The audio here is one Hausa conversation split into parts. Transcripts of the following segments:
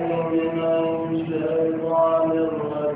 من الشيطان الرجيم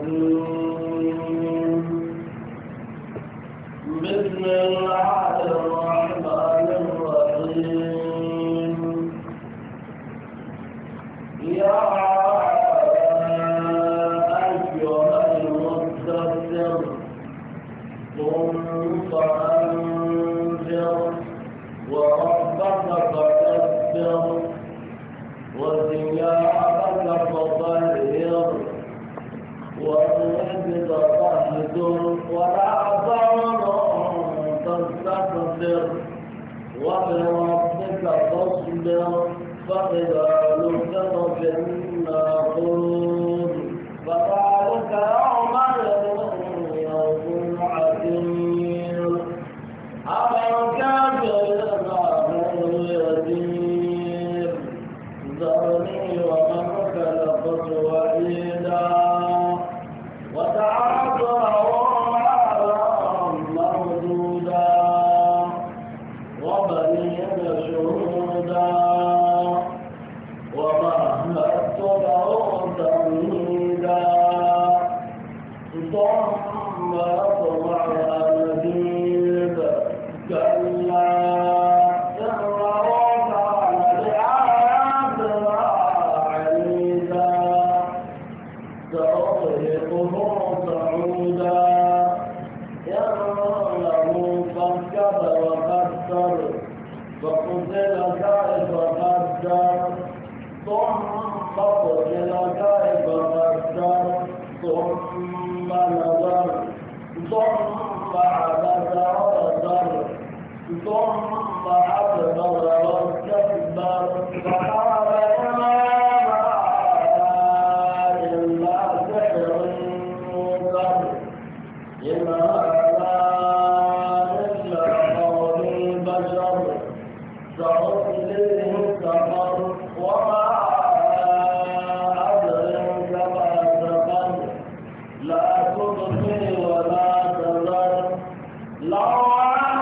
الله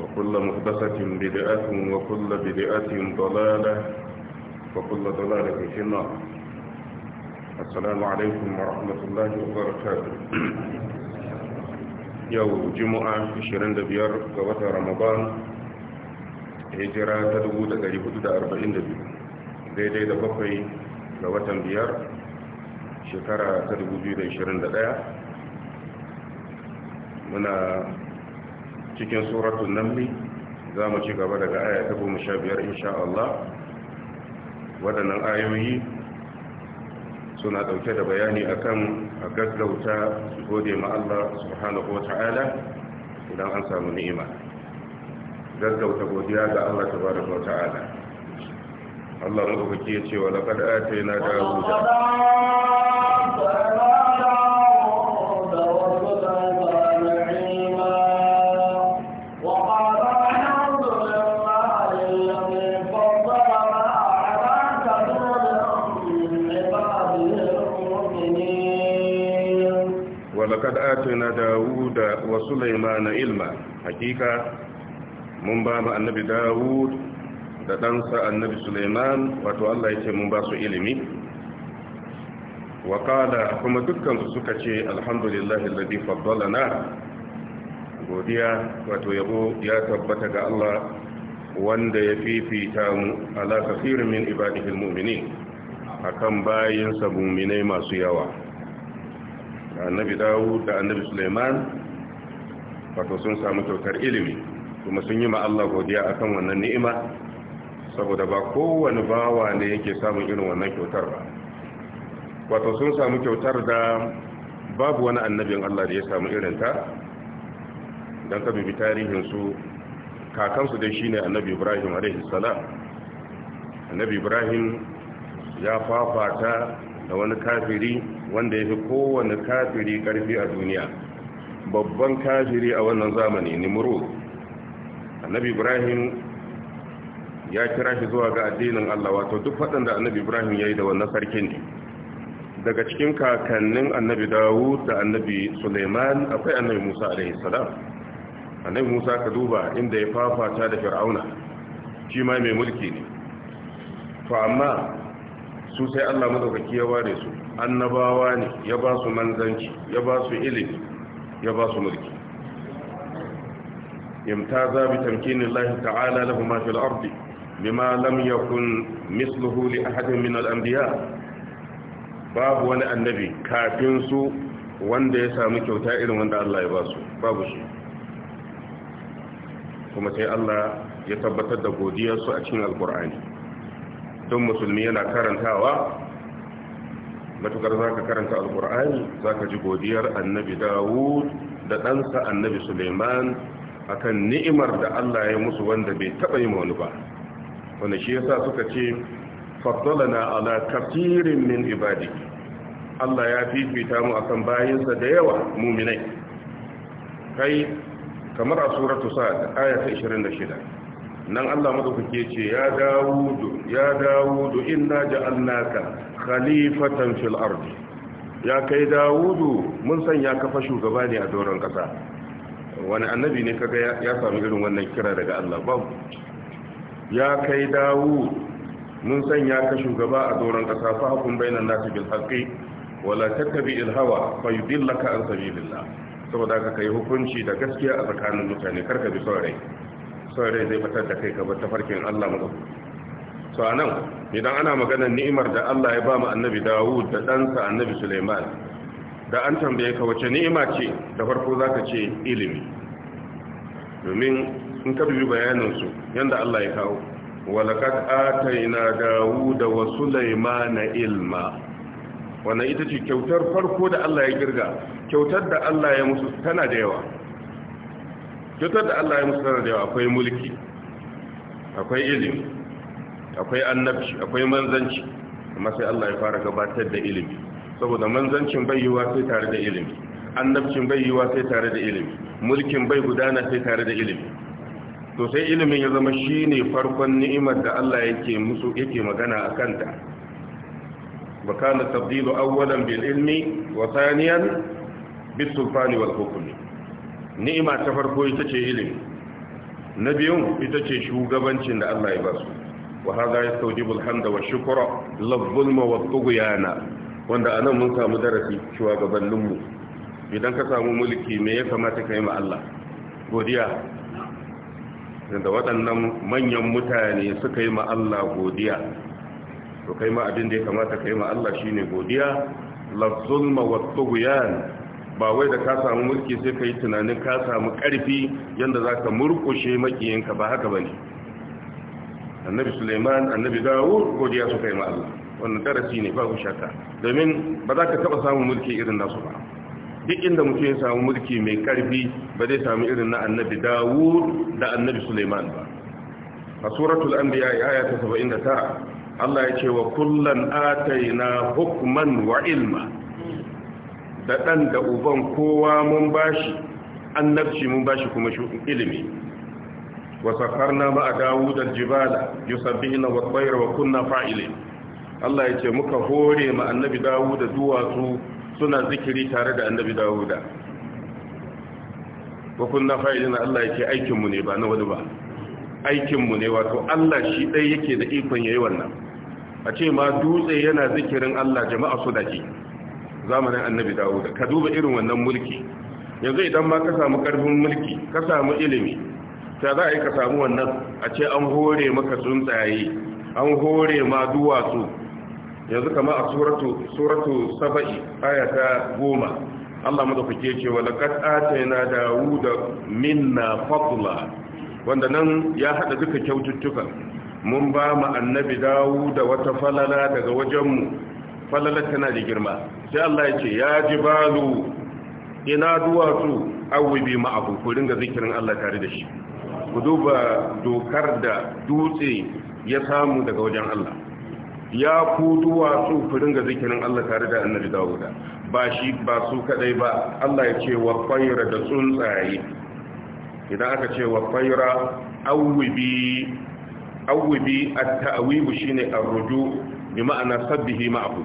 وكل محدثة بدعة وكل بدعة ضلالة وكل ضلالة في النار السلام عليكم ورحمة الله وبركاته yau juma'a 25 ga watan ramadan hijira ta 442 daidai da bakwai ga biyar shekara ta muna cikin suratun namli za mu ci gaba daga aya ta goma sha biyar insha Allah waɗannan ayoyi suna ɗauke da bayani akan a gaggauta gode ma Allah subhanahu wa ta'ala idan an samu ni'ima gaggauta godiya ga Allah tabaraka wa ta'ala Allah mu ya ce wa laqad atayna da. داود وسليمان ilma حقيقة من باب annabi داود da ɗansa annabi suleiman wato allah ya ce mun ba su ilimi wakala kuma dukkansu suka ce alhamdulillahi lalabi na godiya wato yabo ya tabbata ga allah wanda ya fifita mu ala kafirin min ibadihil mu'minin akan bayinsa mu'minai masu yawa annabi dawud da annabi suleiman wato sun samu kyautar ilimi kuma sun yi ma Allah godiya akan wannan ni'ima saboda ba kowane bawa ne yake samun irin wannan kyautar ba wato sun samu kyautar da babu wani annabin Allah da ya samu irin ta don ka bibi tarihinsu kakansu dai shine annabi ibrahim a.s. annabi ibrahim ya fafata da wani kafiri wanda ya fi kowane kafiri karfi a duniya babban kafiri a wannan zamani nimrud annabi ibrahim ya kira shi zuwa ga addinin Allah wato duk faɗanda da annabi Ibrahim ya yi da wannan sarkin ne daga cikin kakannin annabi Dawud da annabi Suleiman akwai annabi Musa alaihi salam annabi Musa ka duba inda ya fafata da Fir'auna shi ma mai mulki ne to amma su sai Allah madaukaki ya ware su annabawa ne ya ba su manzanci ya ba su ilimi ya ba su mulki imtaza bi tamkinin lahi ta'ala lahu ma fil ardi bima lam yakun misluhu li ahadin min al anbiya babu wani annabi kafin su wanda ya samu kyauta irin wanda Allah ya ba su babu shi kuma sai Allah ya tabbatar da godiyarsu a cikin alkur'ani don musulmi yana karantawa matukar za ka karanta alkur'ani za ka ji godiyar annabi dawud da ɗansa annabi suleiman akan ni'imar da allah ya musu wanda bai taɓa yi wani ba wanda shi yasa suka ce faddalana ala kafirin min ibadi allah ya fifita mu akan bayansa da yawa muminai kai kamar a suratu sa'ad aya ta 26 nan Allah madaukake ce ya Dawudu ya Dawudu inna ja'alnaka khalifatan fil ardi ya kai Dawudu mun sanya ka fa shugaba ne a doron kasa wani annabi ne kaga ya samu irin wannan kira daga Allah babu ya kai Dawud mun sanya ka shugaba a doron kasa fa hukum bainan nasi bil haqqi wala tattabi al hawa fa yudillaka an sabilillah saboda ka kai hukunci da gaskiya a tsakanin mutane karka bi son son rai zai batar da kai ka bar tafarkin Allah mu so anan idan ana maganar ni'imar da Allah ya ba mu annabi Dawud da ɗansa annabi Sulaiman da an tambaye ka wace ni'ima ce da farko zaka ce ilimi domin in ka bi bayanin su yanda Allah ya kawo walaqad ataina Dawud wa Sulaiman ilma wannan ita ce kyautar farko da Allah ya girga kyautar da Allah ya musu tana da yawa cutar da Allah ya musu tana da yawa akwai mulki akwai ilimi akwai annabci akwai manzanci amma sai Allah ya fara gabatar da ilimi saboda manzancin bai yiwa sai tare da ilimi annabcin bai yiwa sai tare da ilimi mulkin bai gudana sai tare da ilimi to sai ilimin ya zama shine farkon ni'imar da Allah yake musu yake magana a kanta wa kana tabdilu awwalan bil ilmi wa thaniyan bis sulfani wal hukmi ni'ima ta farko ita ce ilimi na biyun ita ce shugabancin da Allah ya ba su wa ya yastawjibu alhamda wa shukra la zulma wa tughyana wanda anan mun samu darasi shugabannin mu idan ka samu mulki me ya kamata ka yi ma Allah godiya da waɗannan manyan mutane suka yi ma Allah godiya to kai ma abin da ya kamata ka yi ma Allah shine godiya la zulma wa tughyan ba wai da ka samu mulki sai ka yi tunanin ka samu ƙarfi yadda za ka murƙushe maƙiyinka ba haka ba ne annabi suleiman annabi dawud godiya su kai ma'alla wannan darasi ne babu shakka domin ba za ka taɓa samun mulki irin nasu ba duk inda mutum ya samu mulki mai ƙarfi ba zai samu irin na annabi dawud da annabi suleiman ba a suratul anbiya aya ta 79 Allah ya ce wa kullan ataina hukman wa ilma da ɗan da uban kowa mun bashi annabci mun bashi kuma ilimi na ma a dawud Yusuf yusabbihuna ina tayra wa kunna fa'ile Allah ya ce muka hore ma annabi dawo da duwatsu suna zikiri tare da annabi dawud wa kunna na Allah ya ce aikinmu ne ba na wani ba Aikinmu ne wato Allah shi ɗai yake da ikon yayi wannan a ce ma dutse yana zikirin Allah jama'a su dake zamanin annabi dawuda ka duba irin wannan mulki yanzu idan ma ka samu karfin mulki ka samu ilimi ta za a yi ka samu wannan a ce an hore maka tsuntsaye an hore ma duwatsu yanzu kama a suratu saba'i aya ta goma allah madaukake ce wa laƙat atayna dawuda minna Fadula. wanda nan ya haɗa duka kyaututtuka mun ba mu annabi dawuda wata falala daga wajenmu falalar tana da girma sai Allah ya ce ya ji balu ina duwatsu awubi ma'abu ku ringa zikirin Allah tare da shi ku duba dokar da dutse ya samu daga wajen Allah ya ku duwatsu ku ringa zikirin Allah tare da annabi Dawuda ba shi ba su kadai ba Allah ya ce wa fayra da tsuntsaye idan aka ce wa fayra awubi awubi at tawib shine ar-ruju bi ma'ana sabbihi ma'ahu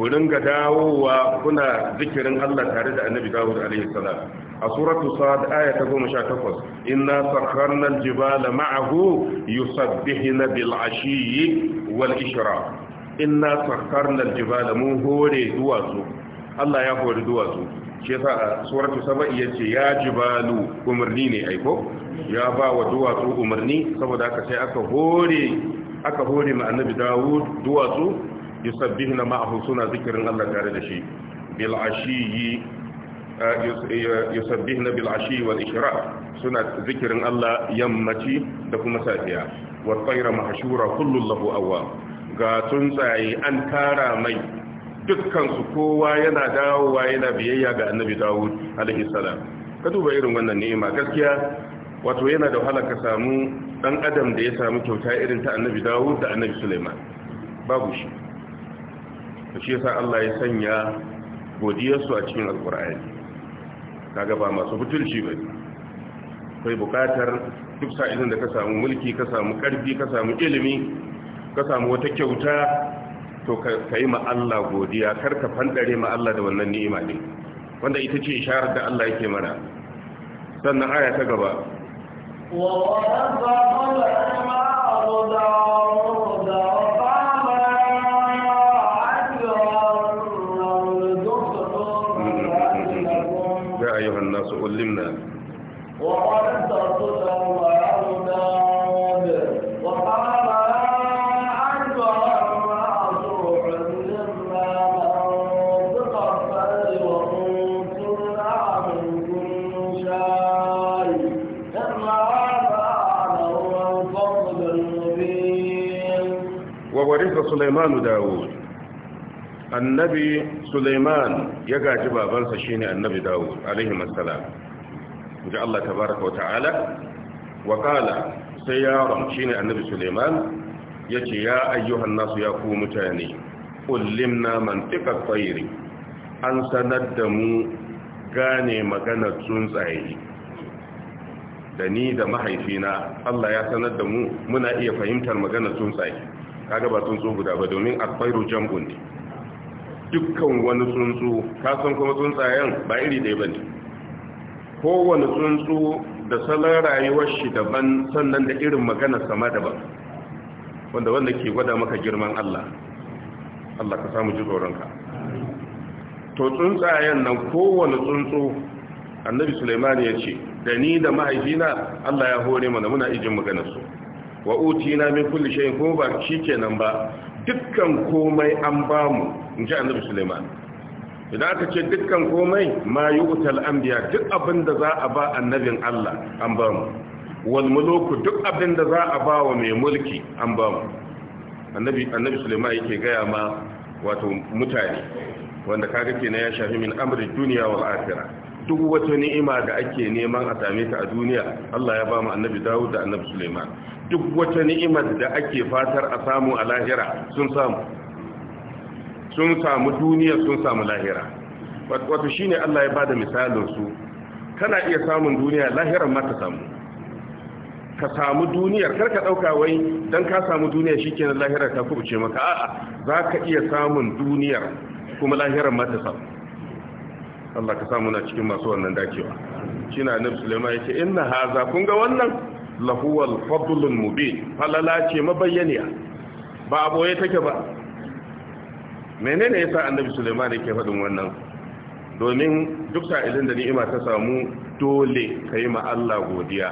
ku ringa dawowa kuna zikirin Allah tare da Annabi Dawud alaihi salam a suratu sad aya ta 18 inna sakharna al-jibala ma'ahu yusabbihuna bil ashiyyi wal ishraq inna sakharna al-jibala mun hore duwatsu Allah ya hore duwatsu shi yasa a suratu saba'i yace ya jibalu umarni ne aiko ya ba wa duwatsu umarni saboda haka sai aka hore aka hore ma annabi dawud duwatsu yusabbihuna ma'ahu suna zikirin Allah tare da shi bil ashiyi eh, eh, yusabbihuna bil ashiyi wal ishraq suna zikirin Allah yammaci da kuma safiya wa tayra mahshura kullu lahu awwab ga tsuntsaye an tara mai dukkan su kowa yana dawowa yana biyayya ga annabi Dawud alaihi salam ka duba irin wannan ma gaskiya wato yana da wahala ka samu dan adam da ya samu kyauta irin ta annabi dawud da annabi suleiman babu shi to shi yasa Allah ya sanya godiyarsu a cikin alkur'ani kaga ba masu butulci ba kai bukatar duk sa'ilin da ka samu mulki ka samu karfi ka samu ilimi ka samu wata kyauta to ka yi ma Allah godiya kar ka fandare ma Allah da wannan ni'ima din wanda ita ce isharar da Allah yake mana sannan aya ta gaba يا أيها الناس علمنا وقد تطلعوا سليمان suleiman ya gaji babansa shine annabi dawud alaihi assalam inji Allah tabaraka wa ta'ala wa sai yaron shine annabi suleiman yace ya ayyuhan nasu ya ku mutane naman mantiqat tayri an sanar da mu gane maganar tsuntsaye da ni da mahaifina Allah ya sanar da mu muna iya fahimtar maganar tsuntsaye kaga ba tsuntsu guda ba domin akwairu jam'un ne dukkan wani tsuntsu ka san kuma tsuntsayen ba iri ɗaya bane kowane tsuntsu da salon rayuwar shi daban sannan da irin maganar sama daban wanda wanda ke gwada maka girman Allah Allah ka samu ji tsoronka to tsuntsayen nan kowane tsuntsu annabi Suleimani ya ce da ni da mahaifina Allah ya hore mana muna ijin maganarsu wa na min kulli shay'in ko ba shikenan ba dukkan komai an bamu in ji annabi Sulaiman idan aka ce dukkan komai ma yu'tal anbiya duk abin da za a ba annabin Allah an bamu wal muluku duk abin da za a ba wa mai mulki an bamu annabi annabi Sulaiman yake gaya ma wato mutane wanda kaga kenan ya shafi min amri duniya wal akhirah duk wata ni'ima da ake neman a same ta a duniya Allah ya ba mu annabi Dawud da annabi Sulaiman duk wata ni'imar da ake fatar a samu a lahira sun samu sun samu duniya sun samu lahira wato shine Allah ya bada misalin su kana iya samun duniya lahiran ma ta samu ka samu duniyar kar ka dauka wai dan ka samu duniya shikenan lahira ta kubuce maka a'a zaka iya samun duniyar kuma lahiran ma ta samu Allah ka samu na cikin masu wannan dacewa shi na Nabi Sulaiman ya ce inna haza kun ga wannan lahuwal fadlul mubin falala ce mabayyaniya ba a boye take ba menene yasa annabi Sulaiman yake faɗin wannan domin duk sa'ilin da ni'ima ta samu dole yi ma Allah godiya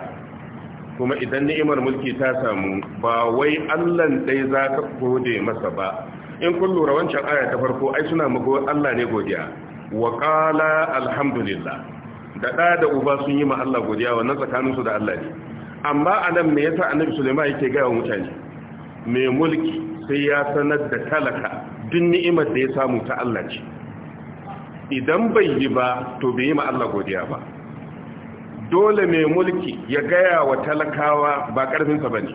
kuma idan ni'imar mulki ta samu ba wai Allah dai za ka gode masa ba in kun lura wancan aya ta farko ai suna mako Allah ne godiya wa ƙala alhamdulillah da da da uba sun yi ma Allah godiya nan tsakaninsu da Allah ne amma a nan me yasa annabi suleiman yake wa mutane mai mulki sai ya sanar da talaka duk ni'imar da ya samu ta Allah ce idan bai yi ba to bai yi ma godiya ba dole mai mulki ya gaya wa talakawa ba ƙarfinsa ba ne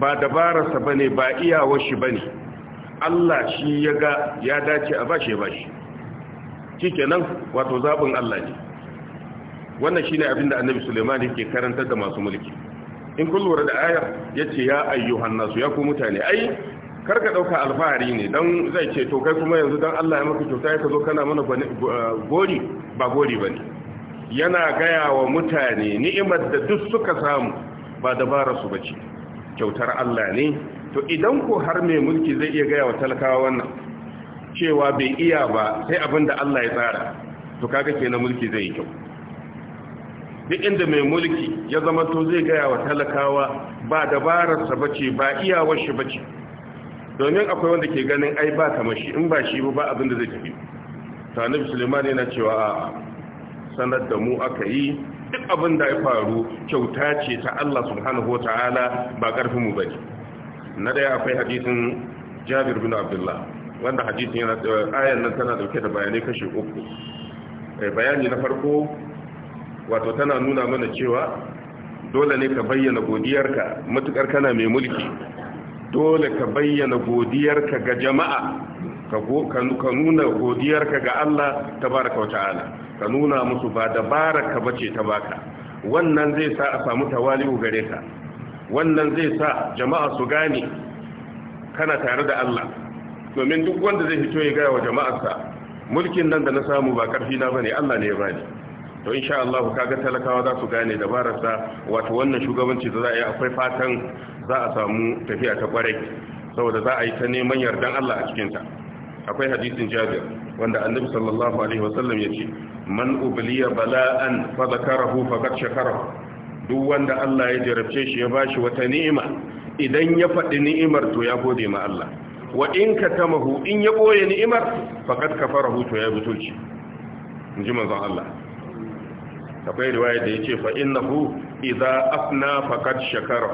ba dabararsa ba ne ba iyawar shi ba ne Allah shi ya ga ya dace a bashi ya bashi shikenan wato zabin Allah ne wannan shine da annabi Sulaiman yake karantar da masu mulki in kun lura da ayar yace ya ayyuhan nasu ya ku mutane ai karka dauka alfahari ne dan zai ce to kai kuma yanzu dan Allah ya maka kyauta ya zo kana mana gori ba gori bane yana gaya wa mutane ni'imar da duk suka samu ba dabara su bace kyautar Allah ne to idan ko har mai mulki zai iya gaya wa talakawa wannan cewa bai iya ba sai abin da Allah ya tsara to kaga kenan mulki zai yi kyau duk inda mai mulki ya zama to zai gaya wa talakawa ba dabararsa bace ba iyawar shi bace domin akwai wanda ke ganin ai ba kamar shi in ba shi ba abin da zai tafi to annabi Sulaiman yana cewa a sanar da mu aka yi duk abin da ya faru kyauta ce ta Allah subhanahu ta'ala ba karfin mu bane na daya akwai hadisin Jabir bin Abdullah wanda hadisin yana ayan nan tana dauke da bayanai kashi uku eh, bayani na farko wato tana nuna mana cewa dole ne ka bayyana godiyarka matukar kana mai mulki dole ka bayyana godiyarka ga jama'a ka nuna godiyarka ga Allah tabaraka ta'ala. ka nuna musu ba dabaraka bace ta baka wannan zai sa a samu tawali'u gare ka wannan zai sa jama'a su gane kana tare da Allah domin duk wanda zai fito ya gaya wa jama'arsa mulkin nan da na samu ba karfi na bane Allah ne ya bani to insha Allah kaga talakawa za su gane dabararsa wato wannan shugabanci da za a yi akwai fatan za a samu tafiya ta kwarai saboda za a yi ta neman yardan Allah a cikin ta akwai hadisin Jabir wanda Annabi sallallahu alaihi wasallam yace man ubliya bala'an fa zakarahu faqad shakarahu duk wanda Allah ya jarabce shi ya bashi wata ni'ima idan ya faɗi ni'imar to ya gode ma Allah wa in ka katamahu in ya ɓoye ni'imar faqad kafarahu to ya butulci in ji manzon Allah akwai riwaya da ya ce fa'in na hu idza afna faqad shakara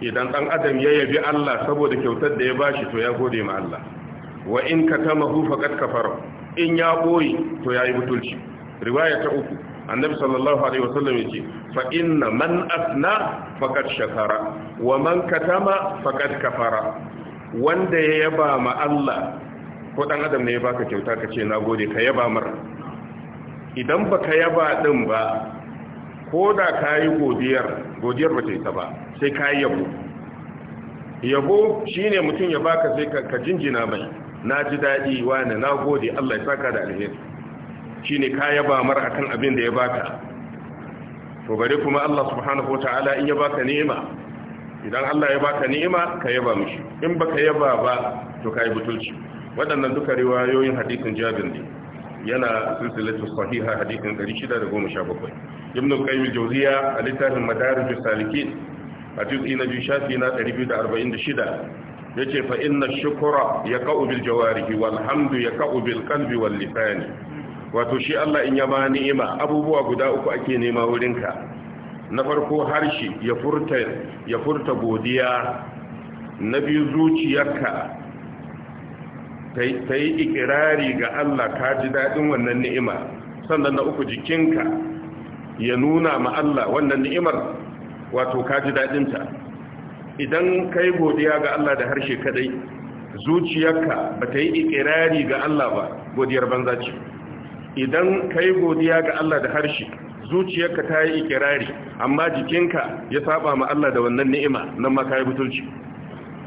idan ɗan adam ya yabi Allah saboda kyautar da ya bashi to ya gode ma Allah wa in ka katamahu faqad kafara in ya ɓoye to ya yi butulci riwaya ta uku annabi sallallahu alaihi wasallam ce fa'in na man afna faqad shakara wa man katama faqad kafara wanda ya yaba ma Allah ko dan adam ne ya baka kyauta ka ce nagode ka yaba mar idan baka yaba din ba ko da kayi godiyar godiyar ba ta yi ta ba sai ka yabo yabo shine mutum ya baka sai ka jinjina mai na ji daɗi wani na gode Allah ya saka da alheri shi ne ka yaba mara akan abin da ya baka to bare kuma Allah subhanahu wataala in ya baka nema idan Allah ya baka ni'ima ka yaba mishi in baka yaba ba to kai butulci waɗannan duka riwayoyin hadisin Jabir ne yana silsilatu sahiha hadisin 617 Ibn Qayyim al-Jawziya a littafin Madarij salikin a juz'i na shafi na 246 yace fa inna shukra yaqa'u bil jawarihi wal hamdu yaqa'u bil qalbi wal lisani wato shi Allah in ya ba ni'ima abubuwa guda uku ake nema wurinka na farko harshe ya furta ya furta godiya na biyu zuciyarka ta yi ikirari ga Allah ka ji daɗin wannan ni'ima sannan na uku jikinka ya nuna ma Allah wannan ni'imar wato ka ji daɗinta idan ka yi godiya ga Allah da harshe kadai zuciyarka ba ta yi ikirari ga Allah ba godiyar banza ce idan ka yi godiya ga Allah da harshe zuciyarka ta yi ikirari amma jikinka ya saba ma Allah da wannan ni'ima nan ma kai butulci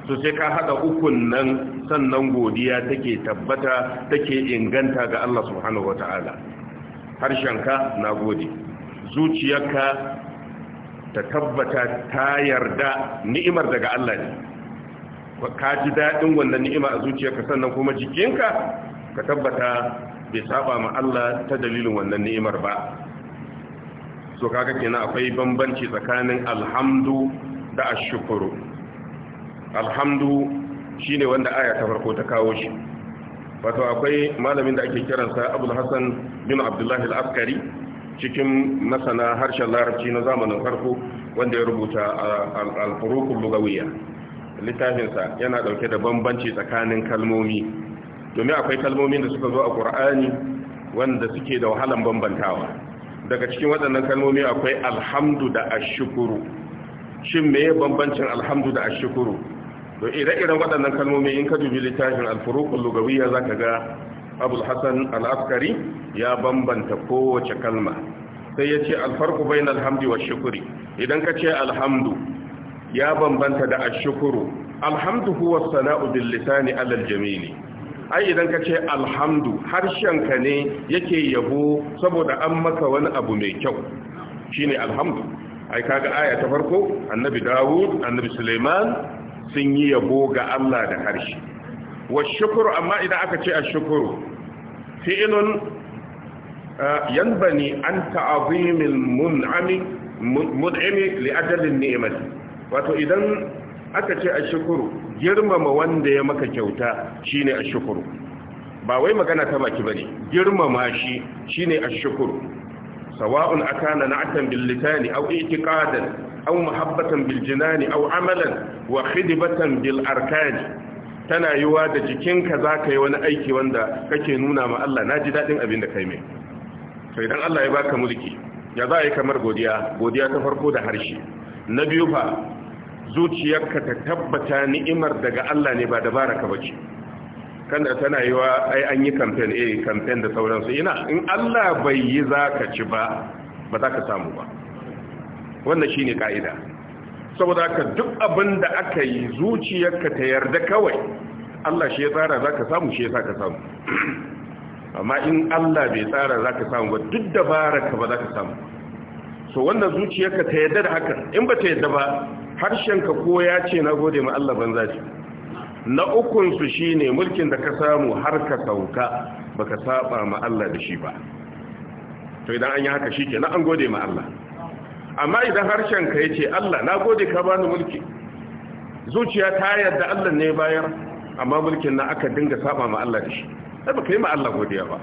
so sai ka haɗa ukun nan sannan godiya take tabbata take inganta ga Allah subhanahu wataala harshenka na gode zuciyarka ta tabbata ta yarda ni'imar daga Allah ne ka ji daɗin wannan ni'ima a zuciyarka sannan kuma jikinka ka tabbata bai saba ma Allah ta dalilin wannan ni'imar ba so kaga kenan akwai bambanci tsakanin alhamdu da ashukuru alhamdu shine wanda aya ta farko ta kawo shi wato akwai malamin da ake kiransa abul hasan bin abdullahi al-askari cikin masana harshen larabci na zamanin farko wanda ya rubuta al-furukul lugawiyya littafinsa yana dauke da bambanci tsakanin kalmomi domin akwai kalmomin da suka zo a qur'ani wanda suke da wahalan bambantawa daga cikin waɗannan kalmomi akwai alhamdu da ashukuru shin meye bambancin alhamdu da ashukuru to ire-iren waɗannan kalmomi in ka dubi littafin alfuruqul za zaka ga Abul al'askari? ya bambanta kowace kalma sai ya ce alfarku na alhamdu wa shukuri idan ka ce alhamdu ya bambanta da ashukuru alhamdu huwa sana'u bil lisani alal jamili ai idan ka ce alhamdu harshenka ne yake yabo saboda an maka wani abu mai kyau shine alhamdu ai kaga aya ta farko annabi dawud annabi suleiman sun yi yabo ga allah da harshe wa shukuru amma idan aka ce a shukuru fi'ilun yanbani an ta'azimil mun'ami mun'imi li ajalin ni'mati wato idan aka ce a Shukuru girmama wanda ya maka kyauta shine Shukuru. ba wai magana ta baki bane girmama shi shine Shukuru. sawa'un akana na'tan bil lisani aw i'tiqadan aw muhabbatan bil jinani aw amalan wa khidbatan bil arkani tana yiwa da jikinka za ka yi wani aiki wanda kake nuna ma Allah na ji daɗin abin da kai mai sai idan Allah ya baka mulki ya za a yi kamar godiya godiya ta farko da harshe na biyu fa zuciyarka ta tabbata ni'imar daga Allah ne ba dabara ka bace kanda tana yi wa ai an yi campaign eh campaign da sauransu ina in Allah bai yi zaka ci ba ba za ka samu ba wannan shine kaida saboda ka duk abin da aka yi zuciyarka ta yarda kawai Allah shi ya tsara zaka samu shi yasa ka samu amma in Allah bai tsara zaka samu ba duk dabararka ba za ka samu so wannan zuciyarka ta yarda da hakan in ba ta yarda ba harshenka ko ya ce na gode ma Allah banza ce na ukunsu shi ne mulkin da ka samu har ka sauka ba ka saba ma Allah da shi ba to idan an yi haka shi ke na an gode ma Allah amma idan harshenka ya ce Allah na gode ka bani mulki zuciya ta yarda Allah ne bayar amma mulkin na aka dinga saba ma Allah da shi sai ba ka yi ma Allah godiya ba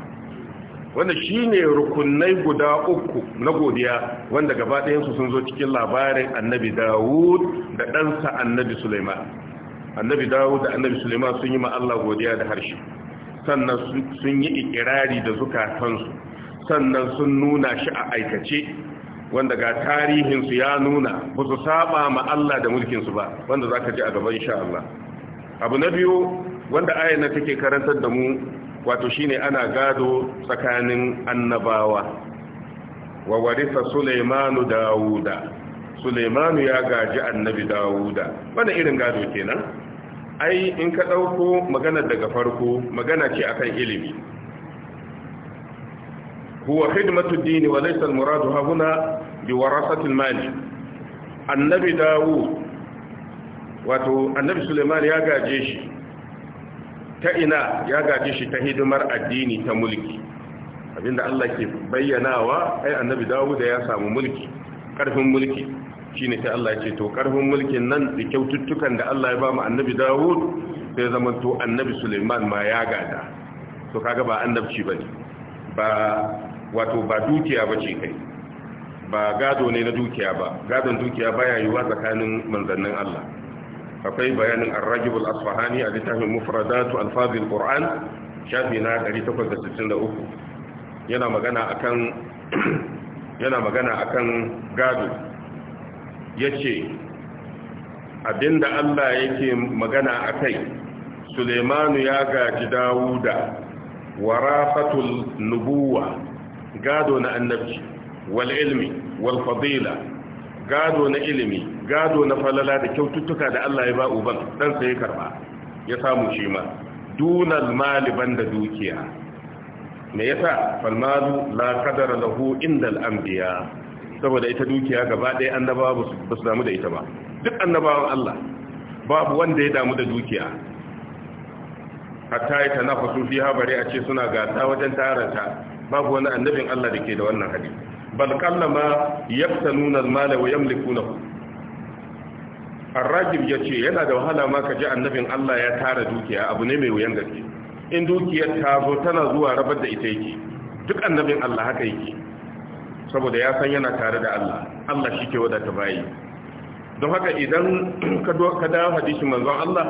wanda shi ne rukunai guda uku na godiya wanda gaba ɗayansu sun zo cikin labarin annabi dawud da ɗansa annabi suleiman annabi dawud da annabi suleiman sun yi ma'alla godiya da harshe sannan sun yi ikirari da zukatansu sannan sun nuna shi a aikace wanda ga tarihinsu ya nuna ba su saba ma'alla da mulkinsu ba wanda za ka ji a gaban sha Allah abu na biyu wanda ayyana take karantar da mu wato shine ana gado tsakanin annabawa wa warisa Sulaimanu Dawuda Sulaimanu ya gaji annabi Dawuda wannan irin gado kenan ai in ka dauko magana daga farko magana ce akan ilimi huwa khidmatu ad-din wa laysa al-muradu hauna bi warasati al mal annabi Dawud wato annabi Sulaiman ya gaje shi ta ina ya gaji shi ta hidimar addini ta mulki abinda Allah ke bayyanawa ai annabi Dawud ya samu mulki karfin mulki shine sai Allah ya ce to karfin mulkin nan da kyaututtukan da Allah ya ba mu annabi Dawud sai zaman to annabi Sulaiman ma ya gada to kaga ba annabci bane ba wato ba dukiya bace kai ba gado ne na dukiya ba gadon dukiya baya yiwa tsakanin manzannin Allah akwai bayanin ar-rajib al-asfahani a littafin mufradatu alfaz al-qur'an shafi na 863 yana magana akan yana magana akan gado yace abinda Allah yake magana akai Suleimanu ya gaji Dawuda warafatul nubuwa gado na annabci wal ilmi wal fadila gado na ilimi gado na falala da kyaututtuka da Allah ya ba uban dan sai karba ya samu shi ma dunal mali banda dukiya me yasa falmalu la qadara lahu indal anbiya saboda ita dukiya gaba ɗaya annabawa ba su damu da ita ba duk annabawan Allah babu wanda ya damu da dukiya hatta ya tanafasu fi habari a ce suna gasa wajen taranta babu wani annabin Allah da ke da wannan hadisi bal kallama yaftanuna al-mala wa yamlikunahu arragib ya ce yana da wahala ma ka ji annabin Allah ya tara dukiya abu ne mai wuyan gaske in dukiyar ta zo tana zuwa rabar da ita yake duk annabin Allah haka yake saboda ya san yana tare da Allah Allah shi ke wadata bayi don haka idan ka dawo hadisi manzon Allah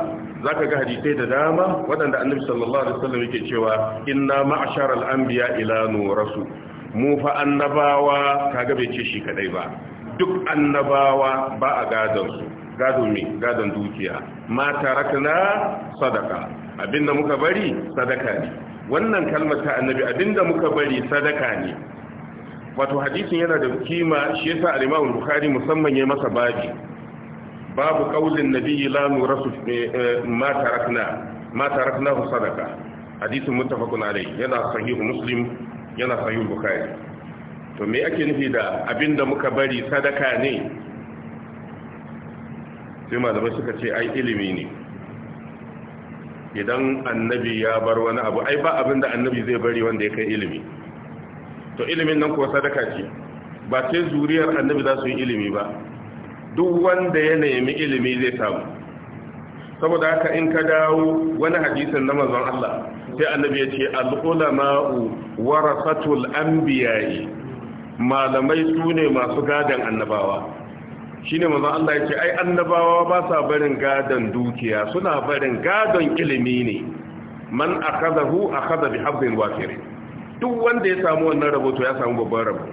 za ka ga hadisai da dama waɗanda annabi sallallahu alaihi wasallam yake cewa inna ma'ashar al-anbiya ila nurasu mu fa annabawa kaga bai ce shi kadai ba duk annabawa ba a gadon su gado me gadon dukiya ma tarakna sadaka abinda muka bari sadaka ne wannan kalmar ta annabi abinda muka bari sadaka ne wato hadisin yana da kima shi yasa al-Imam Bukhari musamman ya masa babi babu qaulin nabiyyi la nurasu eh, eh, ma tarakna ma tarakna sadaka hadisin muttafaqun alayhi yana sahihu. Muslim yana sahihu Bukhari to me ake nufi da abinda muka bari sadaka ne sai malamai suka ce ai ilimi ne idan annabi ya bar wani abu ai ba abin da annabi zai bari wanda ya kai ilimi to ilimin nan kuwa sadaka ce ba sai zuriyar annabi za su yi ilimi ba duk wanda ya nemi ilimi zai samu saboda haka in ka dawo wani hadisin na manzon Allah sai annabi ya ce al warasatul anbiya'i malamai su ne masu gadan annabawa shine manzo Allah ce ai annabawa ba sa barin gadon dukiya suna barin gadon ilimi ne man akhadahu akhadha bi habbin wafir duk wanda ya samu wannan rabo ya samu babban rabo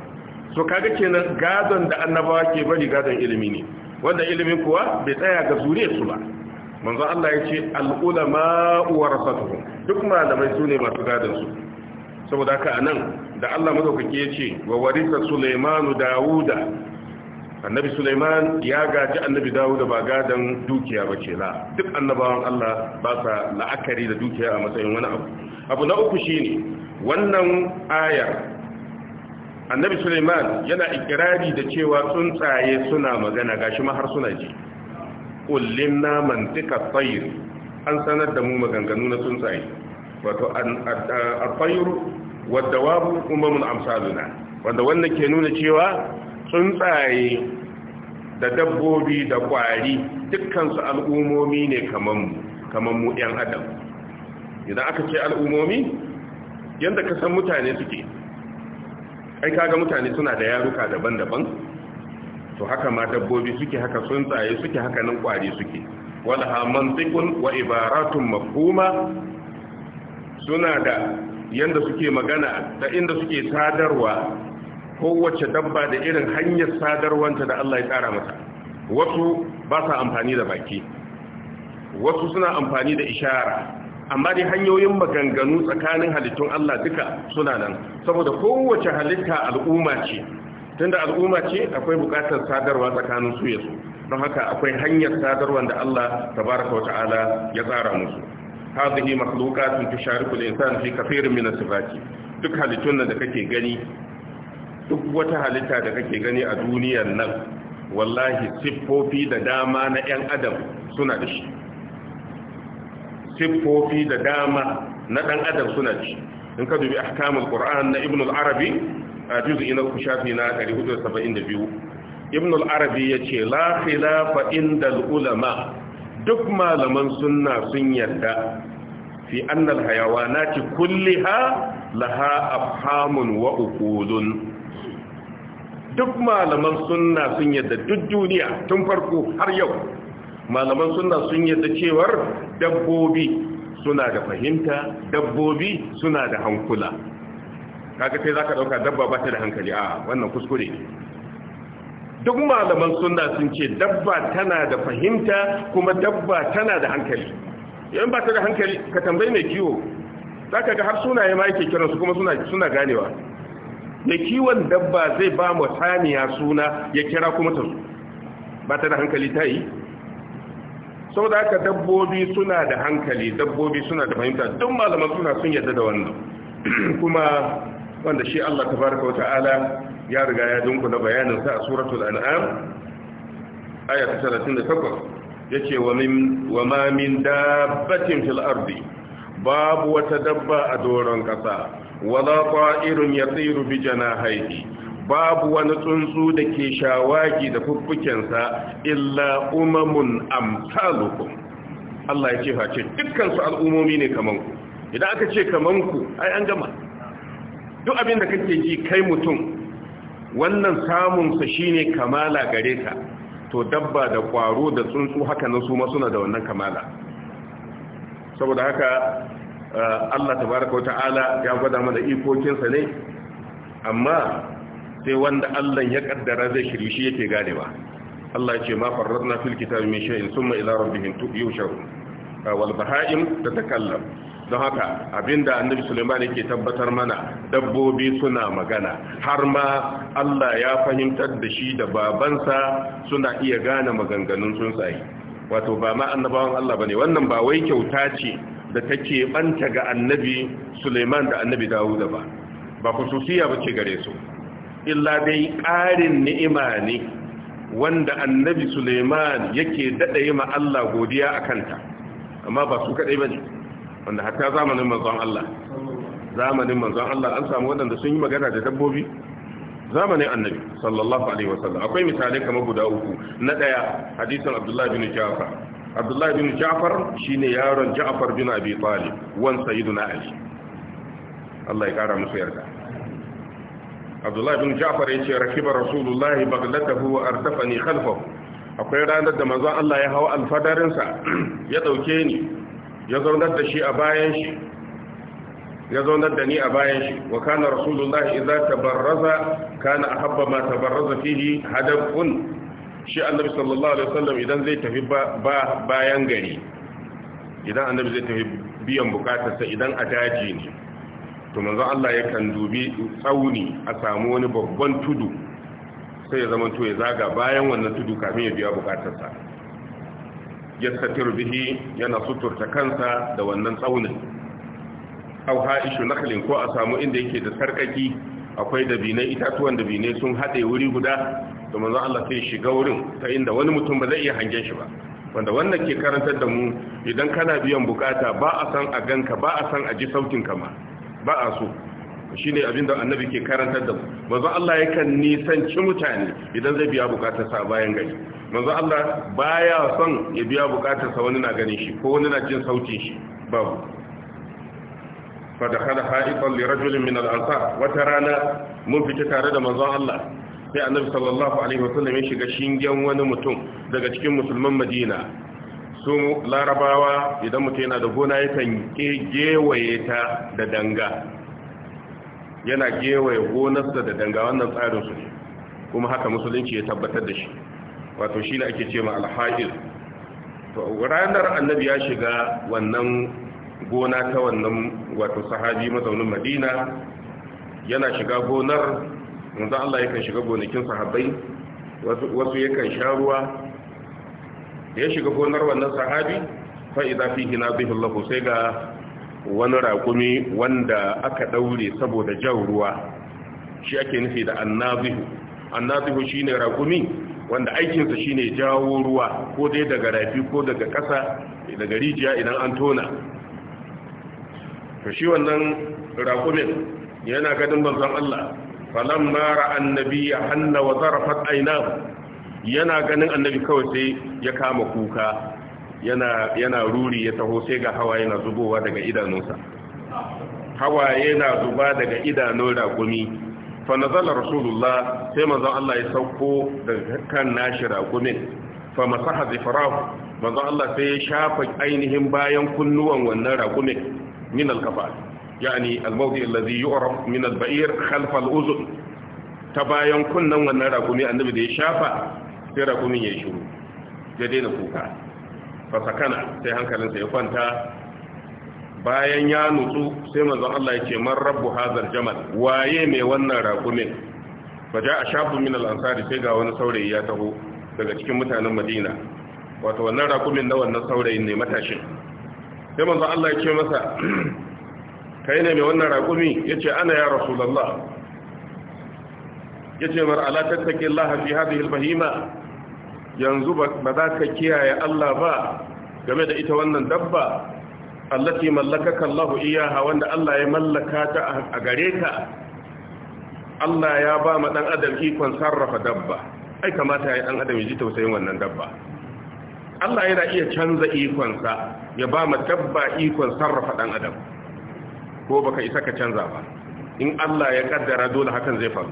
so kaga kenan gadon da annabawa ke bari gadon ilimi ne wanda ilimin kuwa bai tsaya ga zuriyar su ba manzo Allah yace al ulama warasatuhum duk malamai sune masu gadon su saboda haka anan da Allah madaukake yace wa warisa Sulaimanu Dawuda annabi Suleiman ya gaji annabi Dawud ba gadan dukiya ba ce la duk annabawan Allah ba sa la'akari da dukiya a matsayin wani abu abu na uku shine wannan aya annabi Sulaiman yana ikirari da cewa tsuntsaye suna magana gashi ma har suna ji kullinna mantika tayr an sanar da mu maganganu na tsuntsaye wato at-tayru wad-dawabu ummun amsaluna wanda wannan ke nuna cewa tsuntsaye da dabbobi da kwari dukkansu al'umomi ne kamar mu 'yan adam idan aka ce al'umomi yadda ka san mutane suke ai kaga mutane suna da yaruka daban-daban to haka ma dabbobi suke haka tsuntsaye suke haka nan kwari suke wala ha mantiqun wa ibaratun mafhuma suna da yanda suke magana da inda suke sadarwa kowace dabba da irin hanyar sadarwanta da Allah ya tsara mata wasu ba sa amfani da baki wasu suna amfani da ishara amma dai hanyoyin maganganu tsakanin halittun Allah duka suna nan saboda kowace halitta al'umma ce tunda al'umma ce akwai bukatar sadarwa tsakanin su yasu don haka akwai hanyar sadarwa da Allah tabaraka wa ta'ala ya tsara musu hadhihi makhluqatun tusharikul al fi kathirin min as-sifati duk halittun da kake gani duk wata halitta da kake gani a duniyar nan wallahi siffofi da dama na 'yan adam suna da shi siffofi da dama na ɗan adam suna da shi in ka dubi ahkamul qur'an na ibn al-arabi a juz'i na uku shafi na 472 ibn al-arabi yace la khilafa inda ulama duk malaman sunna sun yarda fi anna al-hayawanati kulliha laha afhamun wa uqulun duk malaman sunna sun yadda duk duniya tun farko har yau malaman sunna sun yadda cewar dabbobi suna da fahimta dabbobi suna da hankula kaga sai zaka dauka dabba ba ta da hankali a wannan kuskure duk malaman sunna sun ce dabba tana da fahimta kuma dabba tana da hankali yayin ba ta da hankali ka tambayi mai kiwo zaka ga har sunaye ma yake kiransu kuma suna suna ganewa mai kiwon dabba zai ba mu saniya suna ya kira kuma ta su. ba ta da hankali ta yi sau da aka dabbobi suna da hankali dabbobi suna da fahimta duk malaman suna sun yadda da wannan kuma wanda shi Allah Ta tabaraka wa ta'ala ya riga ya dunkula bayanin sa a suratul an'am aya 38 yace wa min wa ma min dabbatin fil ardi babu wata dabba a doron kasa wala ta'irun yatiru bi janahihi babu wani tsuntsu da ke shawagi da fuffukensa illa umamun amsalukum Allah ya ce face dukkan su al'umomi ne kaman idan aka ce kaman ku ai an gama duk abin da kake ji kai mutum wannan samunsa sa shine kamala gare ka to dabba da ƙwaro da tsuntsu haka nan su ma suna da wannan kamala saboda haka Eh, Allah tabaraka wa ta'ala ya gwada mana ikokinsa ne amma sai wanda Allah ya kaddara zai shiri shi yake ganewa Allah ya ce ma farradna fil kitabi min shay'in thumma ila rabbihim yushur eh, wal bahaim tatakallam don haka abinda annabi Sulaiman yake tabbatar mana dabbobi suna magana har ma Allah ya fahimtar da shi da babansa suna iya gane maganganun tsuntsaye wato ba ma annabawan Allah bane wannan ba wai kyauta ce da ta keɓanta ga annabi suleiman da annabi dawuda ba ba kususiya ba ce gare su illa dai ƙarin ni'ima ne wanda annabi suleiman yake daɗa yi Allah godiya a kanta amma ba su kaɗai ba ne wanda hatta zamanin manzon Allah zamanin manzon Allah an samu waɗanda sun yi magana da dabbobi zamanin annabi sallallahu alaihi wasallam akwai misalai kamar guda uku na ɗaya hadisin abdullahi bin Jafar. abdullahi bin ja'far shine yaron ja'far bin abi talib wan sayyiduna ali Allah ya kara musu yarda abdullahi bin ja'far yace rakiba rasulullahi baghlatahu wa artafani khalfahu akwai ranar da manzon Allah ya hawa alfadarin sa ya dauke ni ya zaunar da shi a bayan shi ya zaunar da ni a bayan shi wa kana rasulullahi idza tabarraza kana ahabba ma tabarraza fihi hadafun shi annabi sallallahu alaihi wasallam idan zai tafi bayan gari idan annabi zai tafi biyan bukatarsa idan a daji ne to manzo Allah ya kan dubi tsauni a samu wani babban tudu sai ya zama to ya zaga bayan wannan tudu kafin ya biya bukatarsa ya satiru bihi yana suturta kansa da wannan tsaunin aw ha'ishu nakhlin ko a samu inda yake da sarkaki akwai dabinai itatuwan dabinai sun hade wuri guda Da manzo Allah sai shiga wurin ta inda wani mutum ba zai iya hangen shi ba wanda wannan ke karantar da mu idan kana biyan bukata ba a san a ganka ba a san a ji sautin ka ma ba a so shine ne abinda annabi ke karantar da mu manzo Allah yakan nisanci mutane idan zai biya bukatarsa a bayan gari manzo Allah baya son ya biya sa wani na ganin shi ko wani na jin sautin shi babu fa dakhala haifan li rajulin min al-ansar wata rana mun fita tare da manzo Allah sai annabi sallallahu alaihi wasallam ya shiga shingen wani mutum daga cikin musulman madina su larabawa idan mutum yana da gona yakan gewaye ta da danga yana gewaye gonarsa da danga wannan tsarin su kuma haka musulunci ya tabbatar da shi wato shi ne ake ce ma alha'il ranar annabi ya shiga wannan gona ta wannan wato sahabi mazaunin madina yana shiga gonar manzo Allah yakan shiga gonakin sahabbai wasu yakan sha ruwa ya shiga gonar wannan sahabi fa idza fihi nadhihu lahu sai ga wani raƙumi wanda aka daure saboda jan ruwa shi ake nufi da annazihu annazihu shine raƙumi wanda aikinsa shine jawo ruwa ko dai daga rafi ko daga ƙasa daga rijiya idan an tona to shi wannan raƙumin yana gadin banzan Allah falam mara annabi ya hanna wa zarafat yana ganin annabi kawai sai ya kama kuka yana yana ruri ya taho sai ga hawaye na zubowa daga idanunsa hawaye na zuba daga idanun raƙumi fa nazala rasulullah sai manzon Allah ya sauko daga kan nashi raƙumin fa masaha zifrahu manzon Allah sai ya shafa ainihin bayan kunnuwan wannan raƙumin min alkafal يعني الموضع الذي يعرف من البئير خلف الأذن تباين كنا ونرى كمي النبي دي شافا ترى كمي يشرو جدين كوكا فسكن سيهان كالن سيفان تا bayan ya nutsu sai manzon Allah ya ce man rabbu hazar jamal waye mai wannan rakumin fa ja ashabu min al-ansari sai ga wani saurayi ya taho daga cikin mutanen Madina wato wannan rakumin na wannan saurayin ne matashin sai manzon Allah ya masa kai ne mai wannan raƙumi ya ce ana ya rasulallah ya ce mar alatattakin lahafi hadihil bahima yanzu ba za ka kiyaye Allah ba game da ita wannan dabba allati mallakaka Allahu iyaha wanda Allah ya mallaka ta a gare ka Allah ya ba ma dan adam ikon sarrafa dabba ai kamata ya yi dan adam ya ji tausayin wannan dabba Allah yana iya canza ikonsa ya ba ma dabba ikon sarrafa dan adam ko baka isa ka canza ba in Allah ya kaddara dole hakan zai faru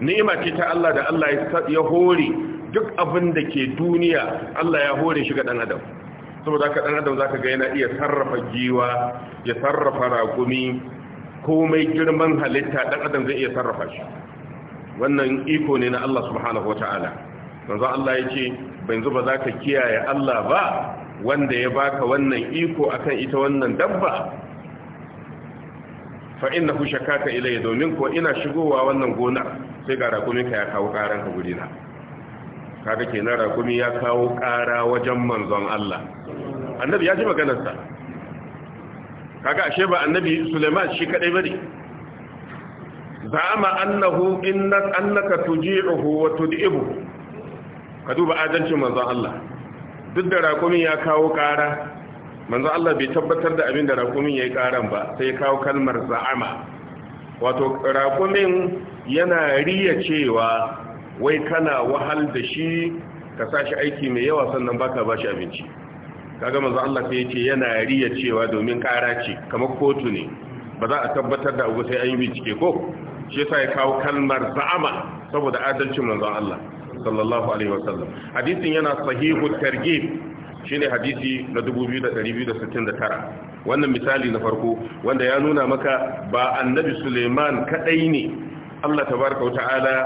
ni'ima ce ta Allah da Allah ya hore duk abin da ke duniya Allah ya hore shi ga dan adam saboda haka dan adam zaka ga yana iya sarrafa giwa ya sarrafa raƙumi komai girman halitta dan adam zai iya sarrafa shi wannan iko ne na Allah subhanahu wataala manzo Allah yace ban zuba zaka kiyaye Allah ba wanda ya baka wannan iko akan ita wannan dabba fa innahu shakaka ilayya domin ko ina shigowa wannan gona sai ga rakumin ka ya kawo ƙaranka ka gurina kaga kenan rakumi ya kawo ƙara wajen manzon Allah annabi ya ji maganar sa kaga ashe ba annabi Sulaiman shi kadai bane ma annahu innaka annaka tuji'uhu wa tud'ibu ka duba adalcin manzon Allah duk da rakumin ya kawo ƙara. manzo Allah bai tabbatar da abin da raƙumin ya yi ƙaran ba sai kawo kalmar za'ama wato raƙumin yana riya cewa wai kana wahal da shi ka sa shi aiki mai yawa sannan baka ba shi abinci kaga manzo Allah sai ya ce yana riya cewa domin ƙara ce kamar kotu ne ba za a tabbatar da abu sai an yi bincike ko shi yasa ya kawo kalmar za'ama saboda adalcin manzo Allah sallallahu alaihi wasallam hadisin yana sahihu targhib shine hadisi na 2269 wannan misali na farko wanda ya nuna maka ba annabi Suleiman kadai ne Allah tabaraka wa ta'ala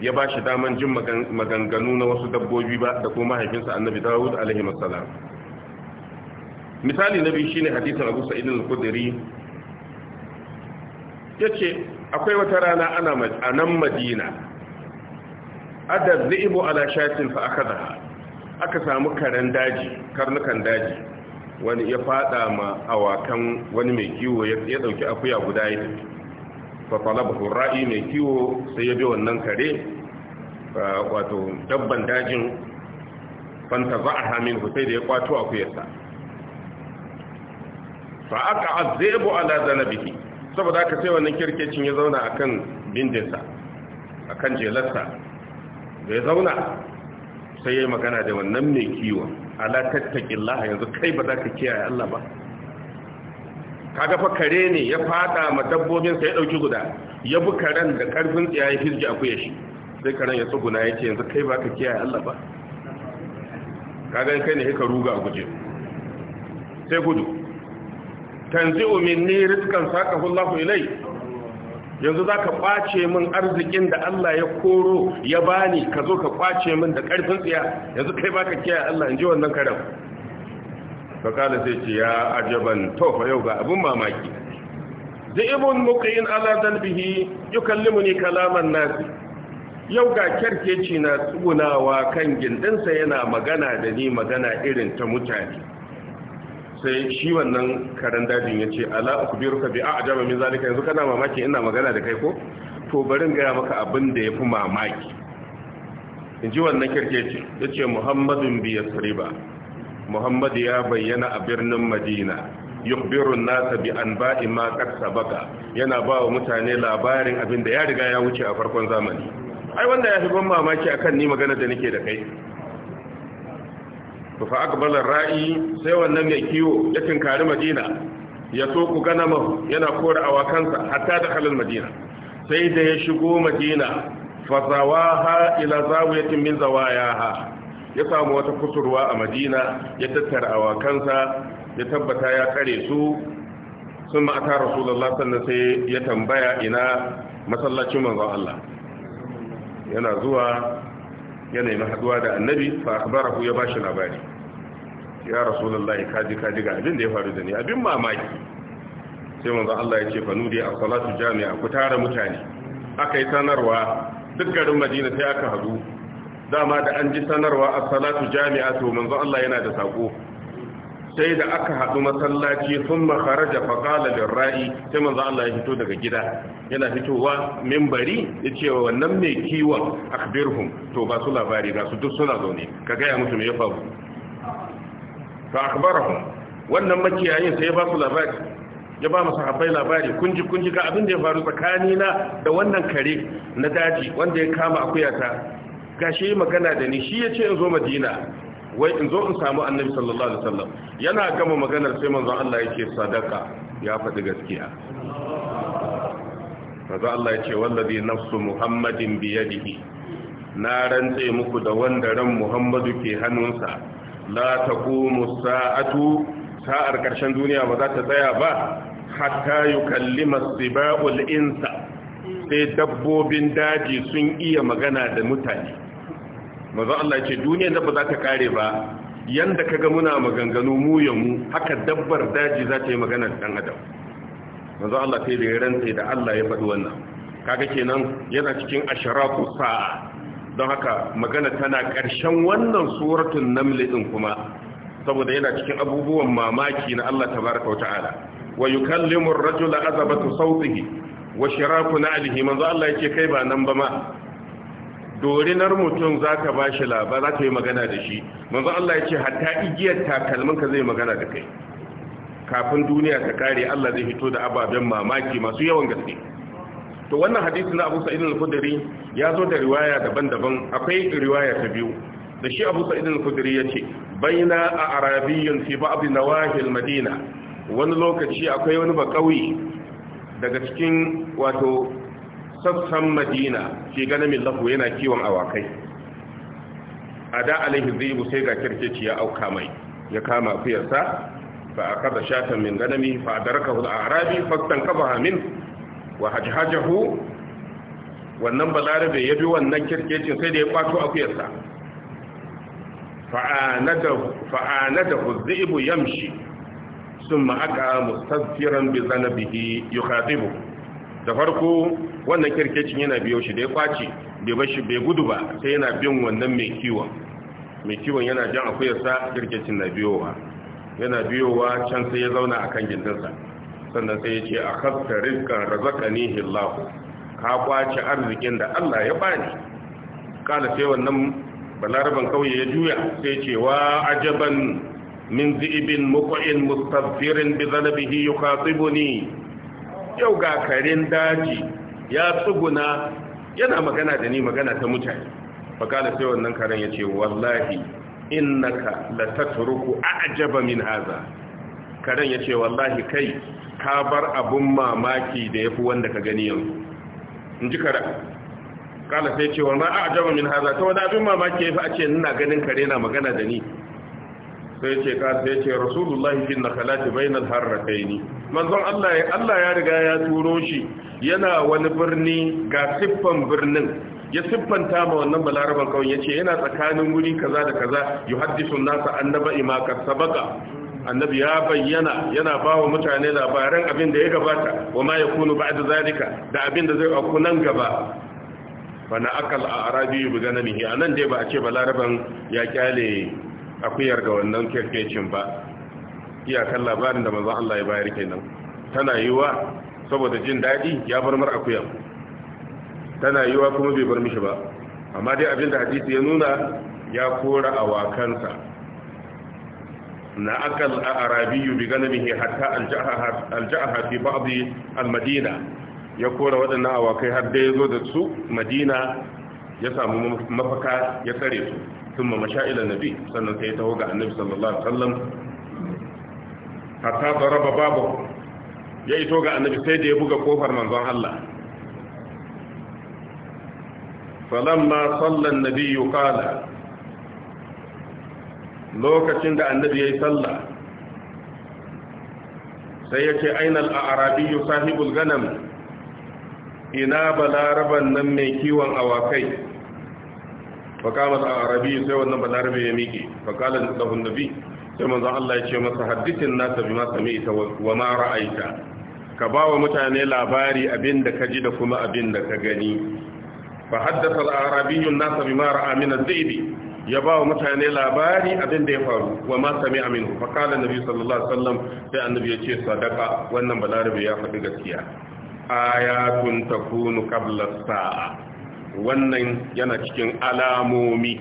ya bashi daman jin maganganu na wasu dabbobi ba da kuma mahaifinsa annabi Dawud alaihi misali na biyu shine hadisin Abu Sa'id al-Khudri yace akwai wata rana ana a nan Madina adda Ibo ala shatin fa akadaha aka samu karen daji karnukan daji wani ya fada ma awakan wani mai kiwo ya dauki akuya guda yi fa ra'i mai kiwo sai ya bi wannan kare wato dabban dajin fanta za'aha minhu sai da ya kwato akuyarsa fa aka al'ada ala zanabihi saboda aka sai wannan kirkecin ya zauna akan bindinsa akan jelarsa bai zauna sai yi magana da wannan mai kiwon, ala laha yanzu kai ba za ka kiyaye Allah ba kaga fa kare ne ya fada ma dabbobin sai ya dauki guda ya bu karen da karfin tsiya ya a akuya shi sai karen ya tsuguna ya ce yanzu kai ba ka kiyaye Allah ba kaga kai ne haka ruga a guje sai gudu tanzi'u minni rizqan saqahu Allahu ilayhi yanzu za ka kwace min arzikin da Allah ya koro ya bani ka zo ka kwace min da ƙarfin tsiya yanzu kai baka kiyaye Allah in ji wannan karam fakala sai ce ya ajaban to fa yau ga abin mamaki zibun muqin ala dalbihi yukallimuni kalaman nasi yau ga kyarkeci na tsugunawa kan gindinsa yana magana da ni magana irin ta mutane sai shi wannan karen dajin ya ce ala ukbiruka bi a'jaba min zalika yanzu kana mamaki ina magana da kai ko to barin gaya maka abin da ya fi mamaki In ji wannan kirkeci ce, muhammadun bi yasriba muhammad ya bayyana a birnin madina yukbiru nasa bi anba'i ma karsa baka yana ba wa mutane labarin abin da ya riga ya wuce a farkon zamani ai wanda ya fi ban mamaki akan ni magana da nake da kai Tufa fa ra'ayi ra'i sai wannan mai kiwo ya tinkari madina ya so ku gana mahu yana kora awakansa hatta da halin madina sai da ya shigo madina ha ila zawiyatin min zawayaha ya samu wata kusurwa a madina ya tattara awakansa ya tabbata ya kare su sun ma'ata Rasulallah sannan sai ya tambaya ina masallacin manzon Allah yana zuwa ya nemi haduwa da annabi fa akhbarahu ya bashi labari ya ya kaji kaji ga abin da ya faru da ni abin mamaki sai manzo Allah ya ce fa nudi a salatu jami'a ku tara mutane aka yi sanarwa duk garin Madina sai aka hadu dama da an ji sanarwa a salatu jami'a to manzo Allah yana da sako sai da aka hadu masallaci thumma kharaja fa qala lir-ra'i sai manzo Allah ya fito daga gida yana fitowa minbari yace wannan mai kiwon akbirhum to ba su labari ga su duk suna zaune ka ga ya mutum ya faru fa akhbarahum wannan makiyayin sai ya ba su labari ya ba masa habbai labari kunji kunji ga abin da ya faru tsakani na da wannan kare na daji wanda ya kama akuyata gashi magana da ni shi yace in zo Madina wai in zo in samu annabi sallallahu alaihi wasallam yana gama maganar sai manzon Allah yake sadaka ya faɗi gaskiya manzon Allah yake wallazi nafsu muhammadin biyadihi na rantse muku da wanda ran muhammadu ke hannunsa la taqumu sa'atu sa'ar karshen duniya ba za ta tsaya ba hatta kalli siba'ul insa sai dabbobin daji sun iya magana da mutane maza Allah ce duniyar da ba za ta kare ba yanda kaga muna maganganu mu ya mu haka dabbar daji za ta yi magana da ɗan adam maza Allah sai da ya rantsa da Allah ya faɗi wannan kaga kenan yana cikin ashiraku sa'a don haka magana tana ƙarshen wannan suratun namli kuma saboda yana cikin abubuwan mamaki na Allah tabaraka wa ta'ala wa yukallimu ar-rajula azabatu sawtihi wa shiraku na'lihi manzo Allah yake kai ba nan ba ma dorinar mutum zaka bashi laba zaka yi magana da shi manzo Allah yake hatta igiyar takalmin ka zai magana da kai kafin duniya ta kare Allah zai fito da ababen mamaki masu yawan gaske to wannan hadisi na Abu Sa'id al-Khudri ya zo da riwaya daban-daban akwai riwaya ta biyu da shi Abu Sa'id al-Khudri yace baina arabiyyun fi ba'd nawahi al-Madina wani lokaci akwai wani bakawi daga cikin wato sassan Madina ga ganamin lahu yana kiwon awakai ada alaihi zibu sai ga kirkeci ya auka mai ya kama fiyarsa fa aqada shatan min ganami fa adarkahu al-arabi fastanqabaha min wa hajjahu, wannan balarabe ya bi wannan kirkecin sai da ya kwato akuyarsa fa'anadahu zibu yamshi sun ma'aka mustafiran bi zanabihi yukhatibu da farko wannan kirkecin yana biyo shi da ya kwace bai bashi bai gudu ba sai yana bin wannan mai kiwon mai kiwon yana jan akuyarsa kirkecin na biyowa yana biyowa can sai ya zauna a kan gindinsa sannan sai ya ce a kasta rizkan razakani hillahu ka kwace arzikin da Allah ya bani kala sai wannan balaraban kauye ya juya sai ce wa ajaban min zi'ibin muqin mustafirin bi zalabihi yukhatibuni yau ga karin daji ya tsuguna yana magana da ni magana ta mutane fakala sai wannan karen ya ce wallahi innaka latatruku ajaba min haza karen ya ce wallahi kai ka bar abun mamaki da ya fi wanda ka gani yanzu in ji kara kala sai ce wa ma'a ajaba min haza ta wani abin mamaki ya fi a ce nuna ganin kare na magana da ni sai ce kala sai ce rasulullahi fi nakhalati bainal ni manzon Allah ya Allah ya riga ya turo shi yana wani birni ga siffan birnin ya siffanta ma wannan balaraban kawai ya ce yana tsakanin wuri kaza da kaza yuhaddisu nasa annaba ima sabaka annabi ya bayyana yana ba wa mutane labaran abin da ya gabata wa ma ya kunu ba da zalika da abin da zai auku nan gaba wani akal a arabi bu ganamihi a nan dai ba a ce Balaraban ya kyale akuyar ga wannan kirkecin ba iyakan labarin da manzon Allah ya bayar kenan tana yiwa saboda jin daɗi ya bar mar akuyar tana yiwa kuma bai bar mishi ba amma dai abin da hadisi ya nuna ya kora awakansa na akal a arabiyu bi ganamihi hatta alja'aha fi ba'dhi al-madina ya kora waɗannan awakai har dai ya zo da su madina ya samu mafaka ya tsare su sun ma masha'ilar sannan sai ya taho ga annabi sallallahu alaihi wasallam hatta zaraba babu ya ito ga annabi sai da ya buga kofar manzon Allah falamma sallan nabiyyu qala lokacin da annabi ya yi sallah sai ya ce ainihin al'arabiyu sahibul ganam ina balaraban nan mai kiwon awakai fakamar al'arabiyu sai wannan balarabe ya miƙe fakalin ɗahun nabi sai manzan Allah ya ce masa haddisin nasa bi masa mai ita wa mara aita ka ba wa mutane labari abin da ka ji da kuma abin da ka gani fa haddasa al'arabiyu nasa bi mara aminar zaibi ya ba wa mutane labari abin da ya faru wa ma sami aminu fa kala nabi sallallahu alaihi wasallam sai annabi ya ce sadaka wannan balarabi ya faɗi gaskiya ayatun takunu qabla sa'a wannan yana cikin alamomi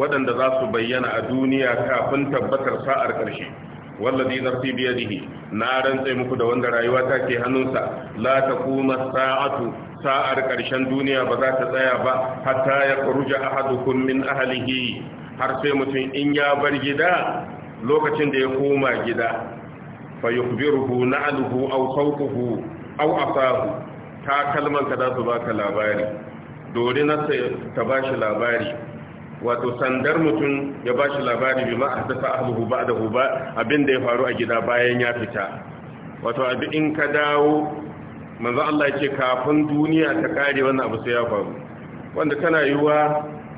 waɗanda za su bayyana a duniya kafin tabbatar sa'ar ƙarshe wallazi nafsi bi yadihi na rantse muku da wanda rayuwa ta ke hannunsa la kuma sa'atu sa'ar karshen duniya ba za ta tsaya ba hatta ya kharuja ahadukum min ahlihi har sai mutum in ya bar gida lokacin da ya koma gida fa yukhbiruhu alhu aw sawtuhu aw asahu ta kalman ka da su ka labari dori na ta bashi labari wato sandar mutum ya ba shi labari bi ma'adasa ahluhu ba'dahu ba abinda ya faru a gida bayan ya fita wato abin in ka dawo manzo Allah ya ce kafin duniya ta kare wannan abu sai ya faru wanda kana yiwa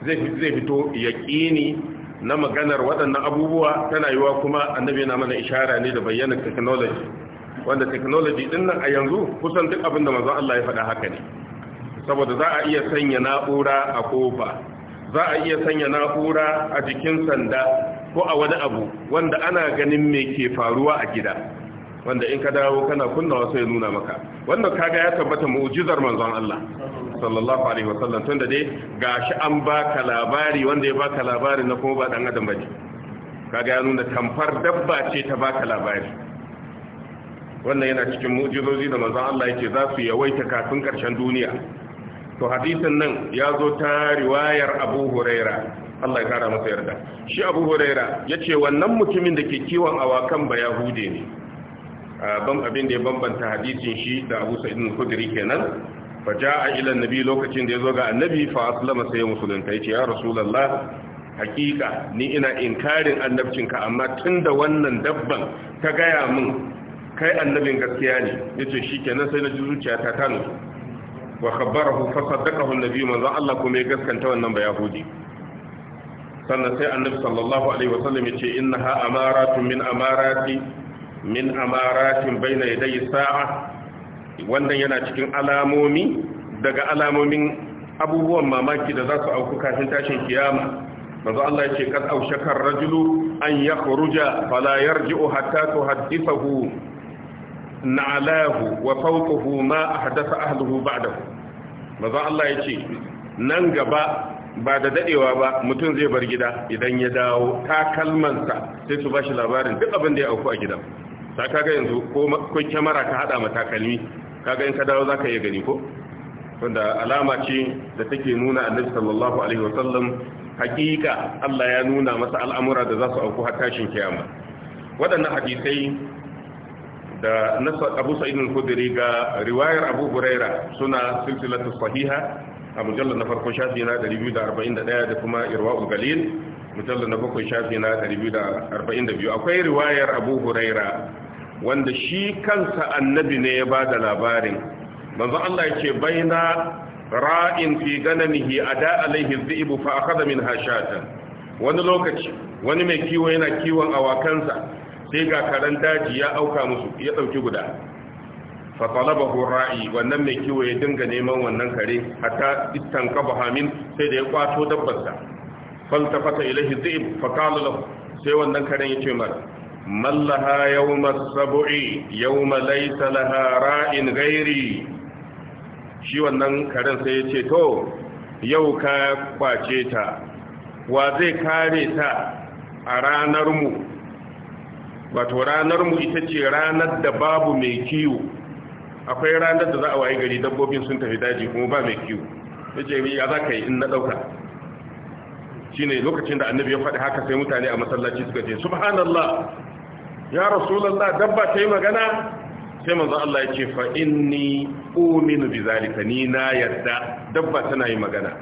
zai zai fito yaqini na maganar waɗannan abubuwa tana yiwa kuma annabi yana mana ishara ne da bayyana technology wanda technology din nan a yanzu kusan duk abin da manzo Allah ya faɗa haka ne saboda za a iya sanya na'ura a kofa za a iya sanya na'ura a jikin sanda ko a wani abu wanda ana ganin me ke faruwa a gida wanda in ka dawo kana kunna wasu ya nuna maka wannan kaga ya tabbata mu'jizar manzon Allah sallallahu alaihi wasallam tunda dai gashi an baka labari wanda ya baka labari na kuma ba dan adam bane kaga ya nuna tamfar dabba ce ta baka labari wannan yana cikin mu'jizozi da manzon Allah yake za su yawaita kafin karshen duniya to hadisin nan ya zo ta riwayar abu huraira Allah ya kara masa yarda shi abu huraira ya ce wannan mutumin da ke kiwon awakan ba yahude ne ban abin da ya bambanta hadisin shi da abu sa'idin kudiri kenan fa ja'a ila annabi lokacin da ya zo ga annabi fa aslama sai ya musulunta ya ce ya rasulullah hakika ni ina inkarin annabcinka amma tunda wannan dabban ta gaya min kai annabin gaskiya ne yace shikenan sai na ji zuciyata ta nutsu wa khabbarahu fa saddaqahu annabi manzo Allah kuma ya gaskanta wannan ba yahudi sannan sai annabi sallallahu alaihi wasallam yace innaha amaratun min amarati min amaratin baina yaday sa'a wannan yana cikin alamomi daga alamomin abubuwan mamaki da za su auku kafin tashin kiyama manzo Allah yace kad aushakar rajulu an yakhruja fala yarji'u hatta tuhaddithahu na'alahu wa fawqahu ma ahdatha ahluhu ba'dahu maza Allah yace nan gaba ba da dadewa ba mutum zai bar gida idan ya dawo takalmansa sai su bashi labarin duk abin da ya auku a gida ta kaga yanzu ko kun kamera ka hada mata takalmi kaga in ka dawo zaka iya gani ko wanda alama ce da take nuna annabi sallallahu alaihi wasallam hakika Allah ya nuna masa al'amura da za su auku har tashin kiyama waɗannan hadisai da nasa abu sa'id al-khudri ga riwayar abu Buraira suna silsilatu sahiha a mujallar na farko shafi na 241 da kuma irwa'ul galil mujallar na bakwai shafi na 242 akwai riwayar abu Buraira wanda shi kansa annabi ne ya bada labarin manzo Allah yake baina ra'in fi ganamihi ada alaihi dhi'bu fa akhadha minha shatan wani lokaci wani mai kiwo yana kiwon awakansa sai ga karen daji ya auka musu ya ɗauki guda fatalabahu ra'i wannan mai kiwo ya dinga neman wannan kare Hata istan kaba hamin sai da ya kwato dabbarsa faltafata ilahi zai fakala lahu sai wannan karen ya ce mara mallaha yawma sab'i yawma laysa laha ra'in ghairi shi wannan karen sai ya ce to yau ka kwace ta wa zai kare ta a ranar mu wato ranar mu ita ce ranar da babu mai kiwo akwai ranar da za a wayi gari dabbobin sun tafi daji kuma ba mai kiwo yace ya za ka yi in na dauka shine lokacin da annabi ya faɗi haka sai mutane a masallaci suka ce subhanallah ya rasulullah dabba ta yi magana sai manzo Allah ya ce fa inni uminu bi zalika ni na yadda dabba tana yi magana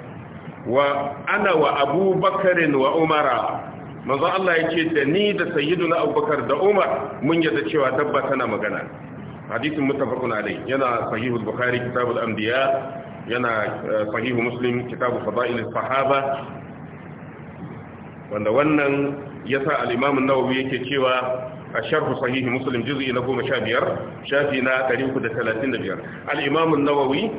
wa ana wa Abubakar wa umara manzo Allah ya ce da ni da sayyiduna abubakar da umar mun yadda cewa dabba tana magana hadisin muttafaqun alayh yana eh, sahihu bukhari kitab al-anbiya yana sahih muslim kitab fadail as-sahaba wanda wannan yasa al-imam an-nawawi yake cewa الشرح صحيح مسلم جزء na شابير شافينا قريب كده 35 الإمام النووي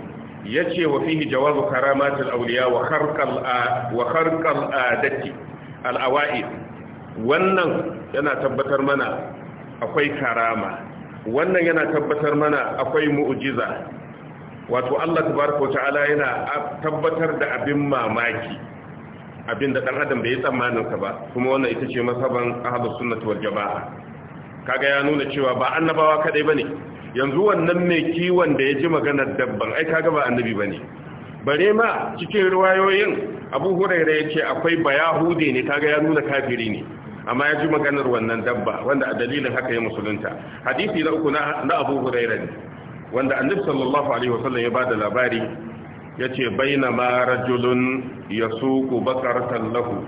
يجي وفيه جواز كرامات الأولياء وخرق, الآ وخرق الآدة al'awa'id wannan yana tabbatar mana akwai karama wannan yana tabbatar mana akwai mu'ujiza wato Allah tabaraka ta'ala yana tabbatar da abin mamaki abin da ɗan adam bai tsammanin sa ba kuma wannan ita ce masaban ahlus sunnati wal jamaa kaga ya nuna cewa ba annabawa kadai ne. yanzu wannan mai kiwon da ya ji maganar dabban ai kaga ba annabi bane bare ma cikin ruwayoyin abu huraira ya ce akwai Bayahudi ne kaga ya nuna kafiri ne amma ya ji maganar wannan dabba wanda a dalilin haka ya musulunta hadisi na uku na abu huraira ne wanda annabi sallallahu alaihi wasallam ya ba da labari ya ce, yace ya rajulun ku bakar tallahu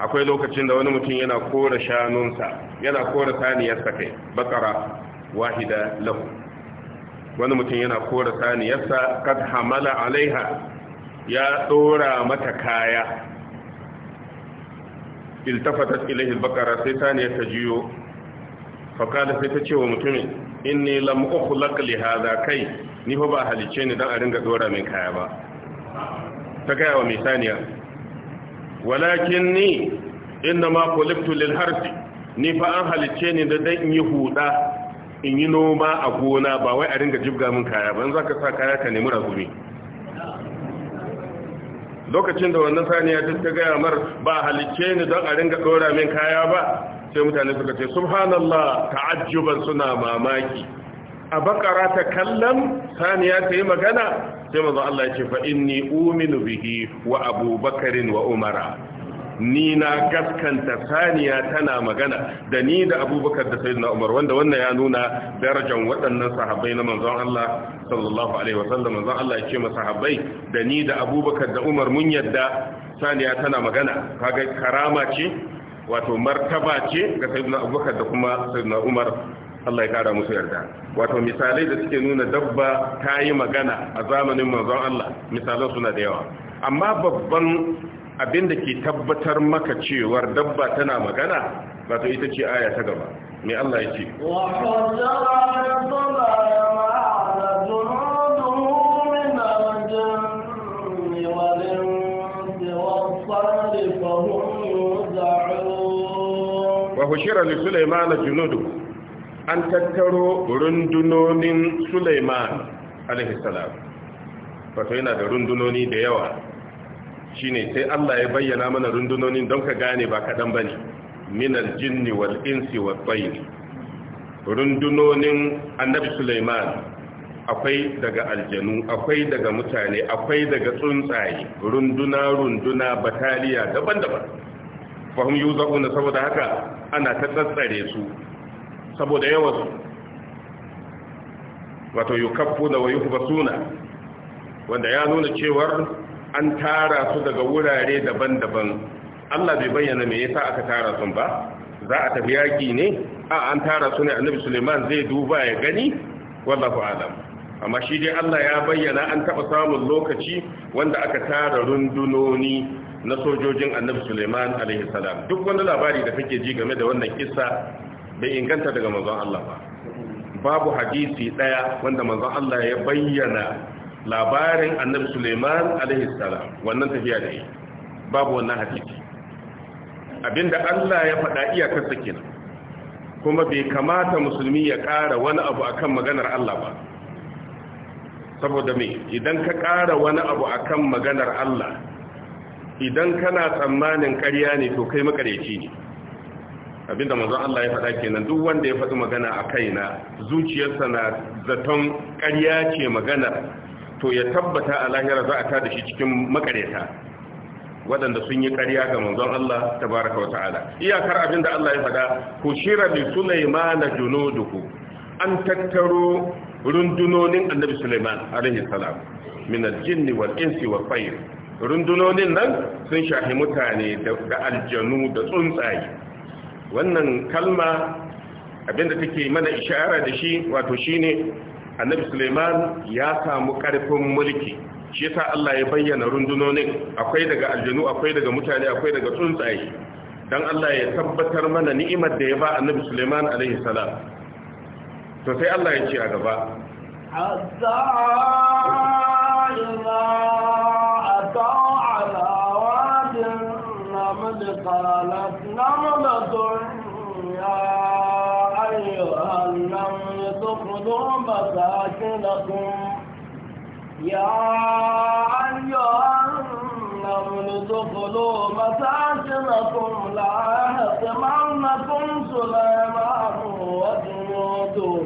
akwai lokacin da wani mutum yana kora shanunsa yana kora saniyarsa kai bakara wahida lahu wani mutum yana kora saniyarsa kad hamala alaiha ya dora mata kaya iltafatat ilaihi albaqara sai saniyar ta jiyo fa kada sai ta ce wa mutumin inni lam ukhlaq li hadha kai ni fa ba halice ni dan a ringa dora min kaya ba ta gaya wa mai saniya walakin ni inna ma kulibtu lil harfi ni fa an halice ni da dan yi huda in yi noma a gona ba wai a ringa jibga min kaya ban za ka sa kaya ka nemi razumi lokacin da wannan saniya duk ta gaya mar ba halicce ni don a ringa dora min kaya ba sai mutane suka ce subhanallah ta'ajjuban suna mamaki a bakara ta kallon saniya ta yi magana sai mazo Allah ya ce fa inni uminu bihi wa abubakarin wa umara ni na gaskanta saniya tana magana da ni da abubakar da sayyidina umar wanda wannan ya nuna darajar waɗannan sahabbai na manzon Allah sallallahu alaihi wasallam manzon Allah ya ce ma sahabbai da ni da abubakar da umar mun yadda saniya tana magana kaga karama ce wato martaba ce ga sayyidina abubakar da kuma sayyidina umar Allah ya kara musu yarda wato misalai da suke nuna dabba ta yi magana a zamanin manzon Allah misalan suna da yawa amma babban abinda ke tabbatar maka cewar dabba tana magana ba wato ita ce aya ta gaba mai Allah ya ce wa hushira li Sulaiman junudu an tattaro rundunonin Sulaiman alaihi salam wato yana da rundunoni da yawa Shi ne sai Allah ya bayyana mana rundunonin don ka gane ba kaɗan ba ne minar jinni wa insi wa tsayi rundunonin annabi Sulaiman akwai daga aljanu akwai daga mutane akwai daga tsuntsaye runduna runduna bataliya daban-daban fahim yuzauna saboda haka ana ta tsatsare su saboda yawansu wato da wa suna. wanda ya nuna cewar an tara su daga wurare daban-daban Allah bai bayyana me yasa aka tara sun ba za a tafi yaki ne a an tara su ne annabi Suleiman zai duba ya gani wallahu alam amma shi dai Allah ya bayyana an taba samun lokaci wanda aka tara rundunoni na sojojin annabi Suleiman alaihi salam duk wani labari da kake ji game da wannan kissa bai inganta daga manzon Allah ba babu hadisi daya wanda manzon Allah ya bayyana labarin annabi suleiman alaihi salam wannan tafiya da yi babu wannan hadisi abinda Allah ya faɗa iyakarsa kenan kuma bai kamata musulmi ya ƙara wani abu akan maganar Allah ba saboda me idan ka ƙara wani abu akan maganar Allah idan kana tsammanin ƙarya ne to kai makareci ne abinda manzon Allah ya faɗa kenan duk wanda ya faɗi magana a kaina zuciyarsa na zaton ƙarya ce maganar to ya tabbata a lahira za a tada shi cikin makareta waɗanda sun yi ƙarya ga manzon Allah ta baraka wa ta'ala iyakar abin da Allah ya faɗa ku shira bi Sulaiman junuduhu an tattaro rundunonin Annabi Sulaiman alaihi salam min al-jinni wal insi tayr rundunonin nan sun shahi mutane da aljanu da tsuntsaye wannan kalma abinda take mana ishara da shi wato shine annabi suleiman ya samu karfin mulki shi yasa Allah ya bayyana rundunonin akwai daga aljanu akwai daga mutane akwai daga tsuntsaye dan Allah ya tabbatar mana ni'imar da ya ba annabi Sulaiman alaihi salam to sai Allah ya ce a gaba قالت لم تخذوا مساكنكم يا أيها النمل ادخلوا مساكنكم لا يهتمنكم سليمان وجنوده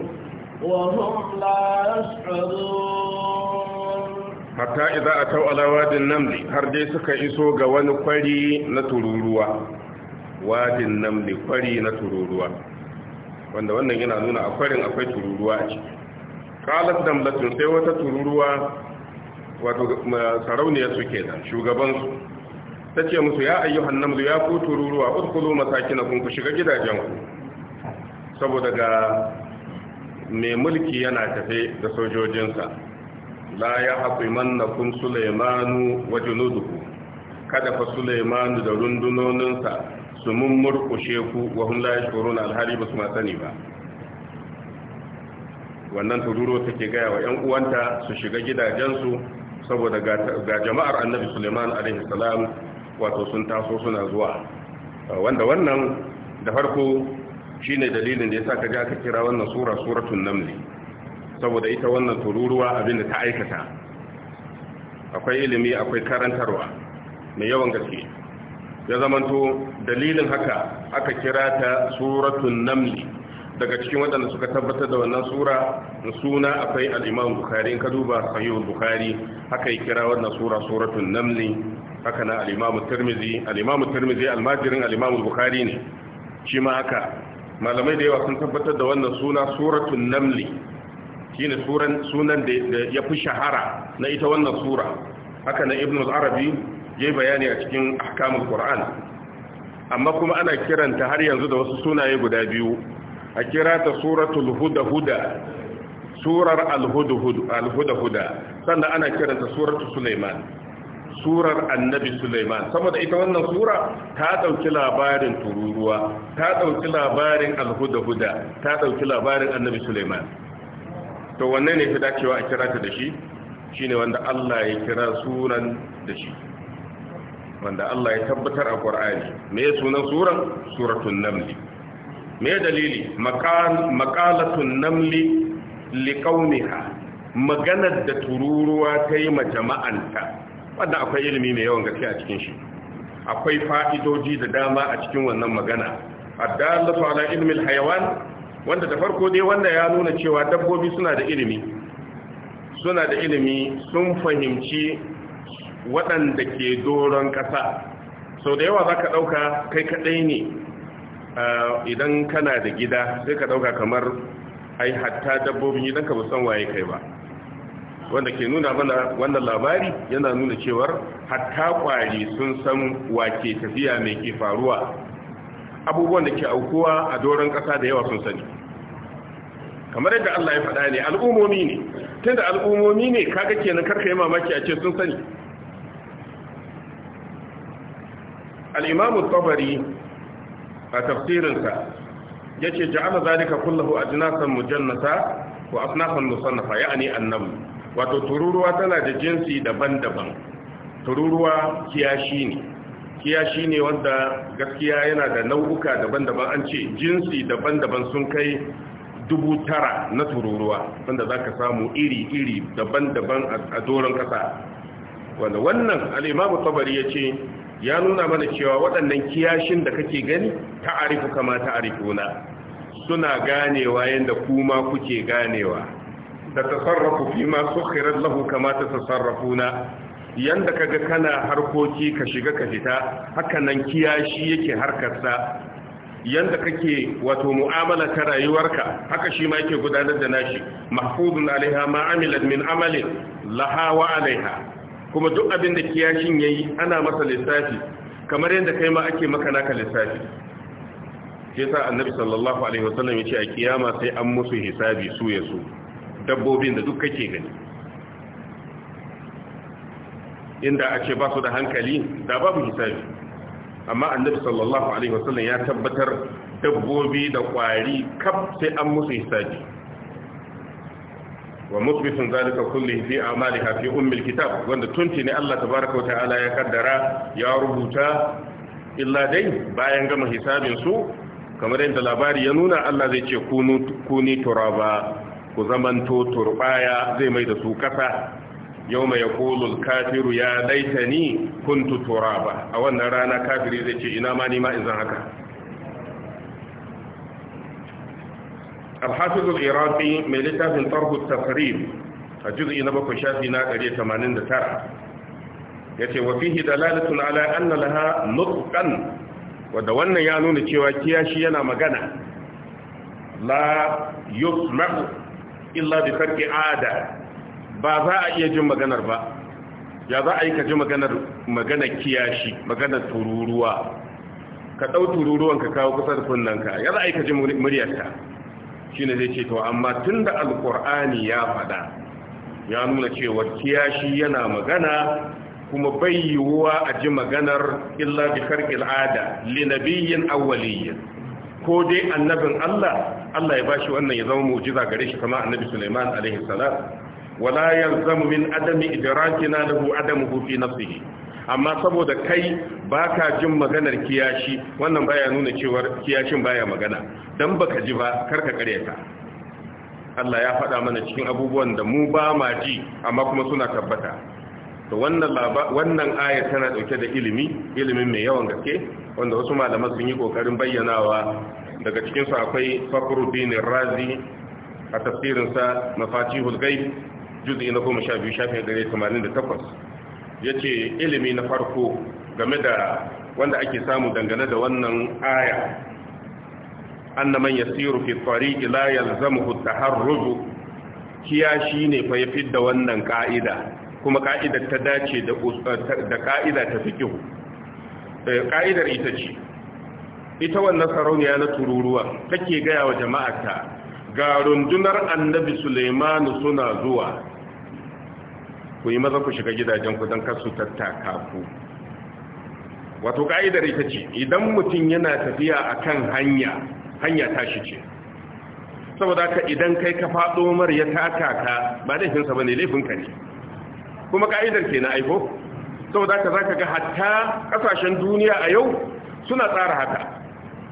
وهم لا يشعرون حتى إذا أتوا على واد النمل هرجي سكا إسو غوان قري نتروروا واد النمل قري نتروروا wanda wannan yana nuna a rin akwai tururuwa a ciki kalas damlatin sai wata tururuwa wato sarauniyar su ke nan shugabansu ta ce musu ya ayyuhan namzu ya ku tururuwa uskulu masakina kun ku shiga gidajenku saboda ga mai mulki yana tafe da sojojinsa la ya haƙiman na kun sulaimanu wa junuduku kada fa sulaimanu da rundunoninsa su murkushe ku wa hum la na alhali ba su ma sani ba wannan tururo take gaya wa 'yan uwanta su shiga gidajensu saboda ga jama'ar annabi suleiman alaihi salam wato sun taso suna zuwa wanda wannan da farko shine dalilin da ya sa ka ja ka kira wannan sura suratun namli saboda ita wannan tururuwa abinda ta aikata akwai ilimi akwai karantarwa mai yawan gaske ya zamanto dalilin haka aka kira ta suratun namli daga cikin waɗanda suka tabbatar da wannan sura suna akwai al'imam bukari in ka duba sahihul bukari haka yi kira wannan sura suratun namli haka na al'imamu tirmizi al'imamu turmizi almajirin al'imamu bukari ne shi ma haka malamai da yawa sun tabbatar da wannan suna suratun namli shine sunan da ya fi shahara na ita wannan sura haka na ibn arabi yayi bayani a cikin ahkamul qur'an amma kuma ana kiranta har yanzu da wasu sunaye guda biyu a kira ta suratul huda huda surar alhuda-huda sannan ana kiranta suratu Suleiman surar annabi Suleiman saboda ita wannan sura ta ɗauki labarin tururuwa ta ɗauki labarin alhuda-huda ta ɗauki labarin annabi Suleiman to wannan ne fi dacewa a kirata da shi shi ne wanda Allah ya kira suran da shi wanda Allah ya tabbatar a Qur'ani me sunan suran suratul naml me dalili maqal maqalatul naml liqaumiha maganar da tururuwa ta yi ma jama'anta wanda akwai ilimi mai yawan gaske a cikin shi akwai fa'idoji da dama a cikin wannan magana addalatu ala ilmi alhayawan wanda da farko dai wanda ya nuna cewa dabbobi suna da ilimi suna da ilimi sun fahimci waɗanda ke doron ƙasa sau da yawa za ka ɗauka kai kaɗai ne idan kana da gida sai ka ɗauka kamar ai hatta dabbobin idan ka san waye kai ba wanda ke nuna mana wannan labari yana nuna cewar hatta ƙwari sun san wake tafiya mai ke faruwa abubuwan da ke aukuwa a doron ƙasa da yawa sun sani kamar yadda Allah ya faɗa ne al'umomi ne tunda al'umomi ne kaga kenan karka yi mamaki a ce sun sani al'imamu الطبري a tafsirinsa ya ce ذلك كله kullahu ajnasan mujannasa wa يعني musannafa ya'ani annam wato tururuwa tana da jinsi daban-daban tururuwa kiyashi ne kiyashi wanda gaskiya yana da nau'uka daban-daban an ce jinsi daban-daban sun kai dubu tara na tururuwa wanda za ka samu iri-iri daban-daban a doron ƙasa. wanda wannan al'imamu tabari ya ce ya nuna mana cewa waɗannan kiyashin da kake gani ta arifu kama ta arifuna suna ganewa yadda kuma kuke ganewa tasarrafu fi masu khirar lahu kama yadda yanda kaga kana harkoki ka shiga ka fita haka nan kiyashi yake harkarsa yanda kake wato mu'amala ta rayuwarka haka shi ma yake gudanar da nashi Mahfudun alaiha ma min amalin laha wa alaiha kuma duk abin da kiyashin yi ana masa lissafi kamar yadda kai ma ake maka naka lissafi shi yasa annabi sallallahu alaihi wasallam ce a kiyama sai an musu hisabi su ya su dabbobin da duk kake gani inda a ce ba su da hankali da babu hisabi amma annabi sallallahu alaihi wasallam ya tabbatar dabbobi da kwari kaf sai an musu hisabi wa musbitun zalika kulli fi a'maliha fi ummil kitab wanda tunti ne Allah Ta wa ta'ala ya kaddara ya rubuta illa dai bayan gama hisabin su kamar yadda labari ya nuna Allah zai ce kuni turaba ku zamanto turbaya zai mai da su kasa yawma yaqulu al-kafiru ya laitani kuntu turaba a wannan rana kafiri zai ce ina ma ni ma in zan haka alhafiz al mai littafin tarhu tafrim a juz'i na bakwai shafi na 189 yace wa fihi dalalatun ala anna laha nutqan wanda wannan ya nuna cewa kiyashi yana magana la illa ada ba za a iya jin maganar ba ya za a yi ka ji maganar maganar kiyashi maganar tururuwa ka ɗau tururuwan ka kawo kusa da kunnanka ya za a yi ka ji muryarta shine zai ce to amma tunda alqur'ani ya fada ya nuna cewa kiyashi yana magana kuma bai yiwuwa a ji maganar illa bi kharqil ada li nabiyyin awwaliyyin ko dai annabin Allah Allah ya bashi wannan ya zama mu'jiza gare shi kamar annabi Sulaiman alaihi salam wala yalzamu min adami idrakina lahu adamu fi nafsihi amma saboda kai baka jin maganar kiyashi wannan baya nuna cewa kiyashin baya magana dan baka ji ba karka karyata Allah ya faɗa mana cikin abubuwan da mu ba ma ji amma kuma suna tabbata to wannan wannan aya tana dauke da ilimi ilimin mai yawan gaske wanda wasu malaman sun yi kokarin bayyanawa daga cikin su akwai Fakhruddin Razi a tafsirinsa Mafatihul Ghaib juz'i na goma sha biyu shafin gare tamanin da takwas ya ce ilimi na farko game da wanda ake samu dangane da wannan aya an na manya siru fi tsari ila har rubu kiya shi ne fa ya fidda wannan ka'ida kuma ka'idar ta dace da ka'ida ta fi kihu eh, ka'idar ita ce ita wannan sarauniya na tururuwa take gaya wa jama'ata ga rundunar annabi Suleimanu suna zuwa ku yi maza ku shiga gidajen ku don kasu tattaka ku wato ka'idar ita ce idan mutum yana tafiya a kan hanya hanya shi ce saboda ka idan kai ka faɗo mar ya taka ka ba laifinsa ba ne laifinka ne kuma ka'idar ke na aiko saboda ka za ka ga hatta ƙasashen duniya a yau suna tsara haka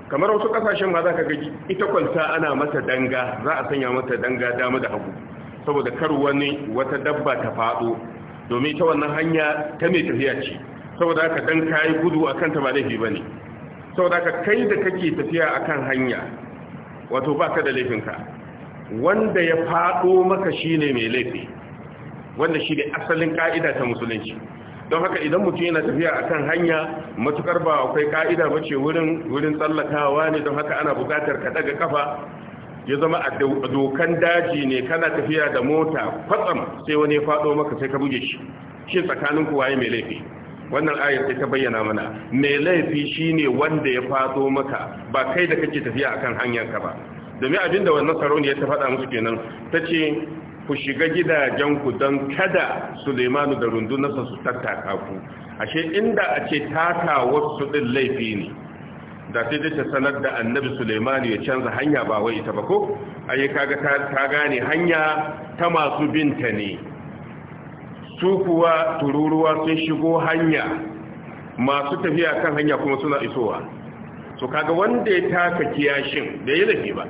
kamar wasu ƙasashen ma za ka ga ita kwalta ana mata danga za a sanya mata danga dama da hagu saboda kar wani wata dabba ta faɗo domin ta wannan hanya ta mai tafiya ce saboda haka dan kayi gudu akan ta ba laifi bane saboda haka kai da kake tafiya akan hanya wato ba ka da laifinka wanda ya faɗo maka shine mai laifi wanda shi ne asalin ka'ida ta musulunci don haka idan mutum yana tafiya akan hanya matukar ba akwai ka'ida ba ce wurin tsallakawa ne don haka ana bukatar ka daga kafa ya zama a dokan daji ne kana tafiya da mota kwatsam sai wani ya faɗo maka sai ka buge shi shi tsakanin ku waye mai laifi wannan ayar sai ta bayyana mana mai laifi shine wanda ya faɗo maka ba kai da kake tafiya akan hanyar ka ba domin abinda wannan ya ta faɗa musu kenan tace ku shiga gidajen ku don kada Suleimanu da rundunarsa su tattaka ku ashe inda a ce taka wasu ɗin laifi ne da sai dai sanar da annabi Suleiman ya canza hanya ba wai ita ba ko ayi kaga ta gane hanya ta masu binta ne su kuwa tururuwa sun shigo hanya masu tafiya kan hanya kuma suna isowa so kaga wanda ya taka kiyashin da ya lafi ba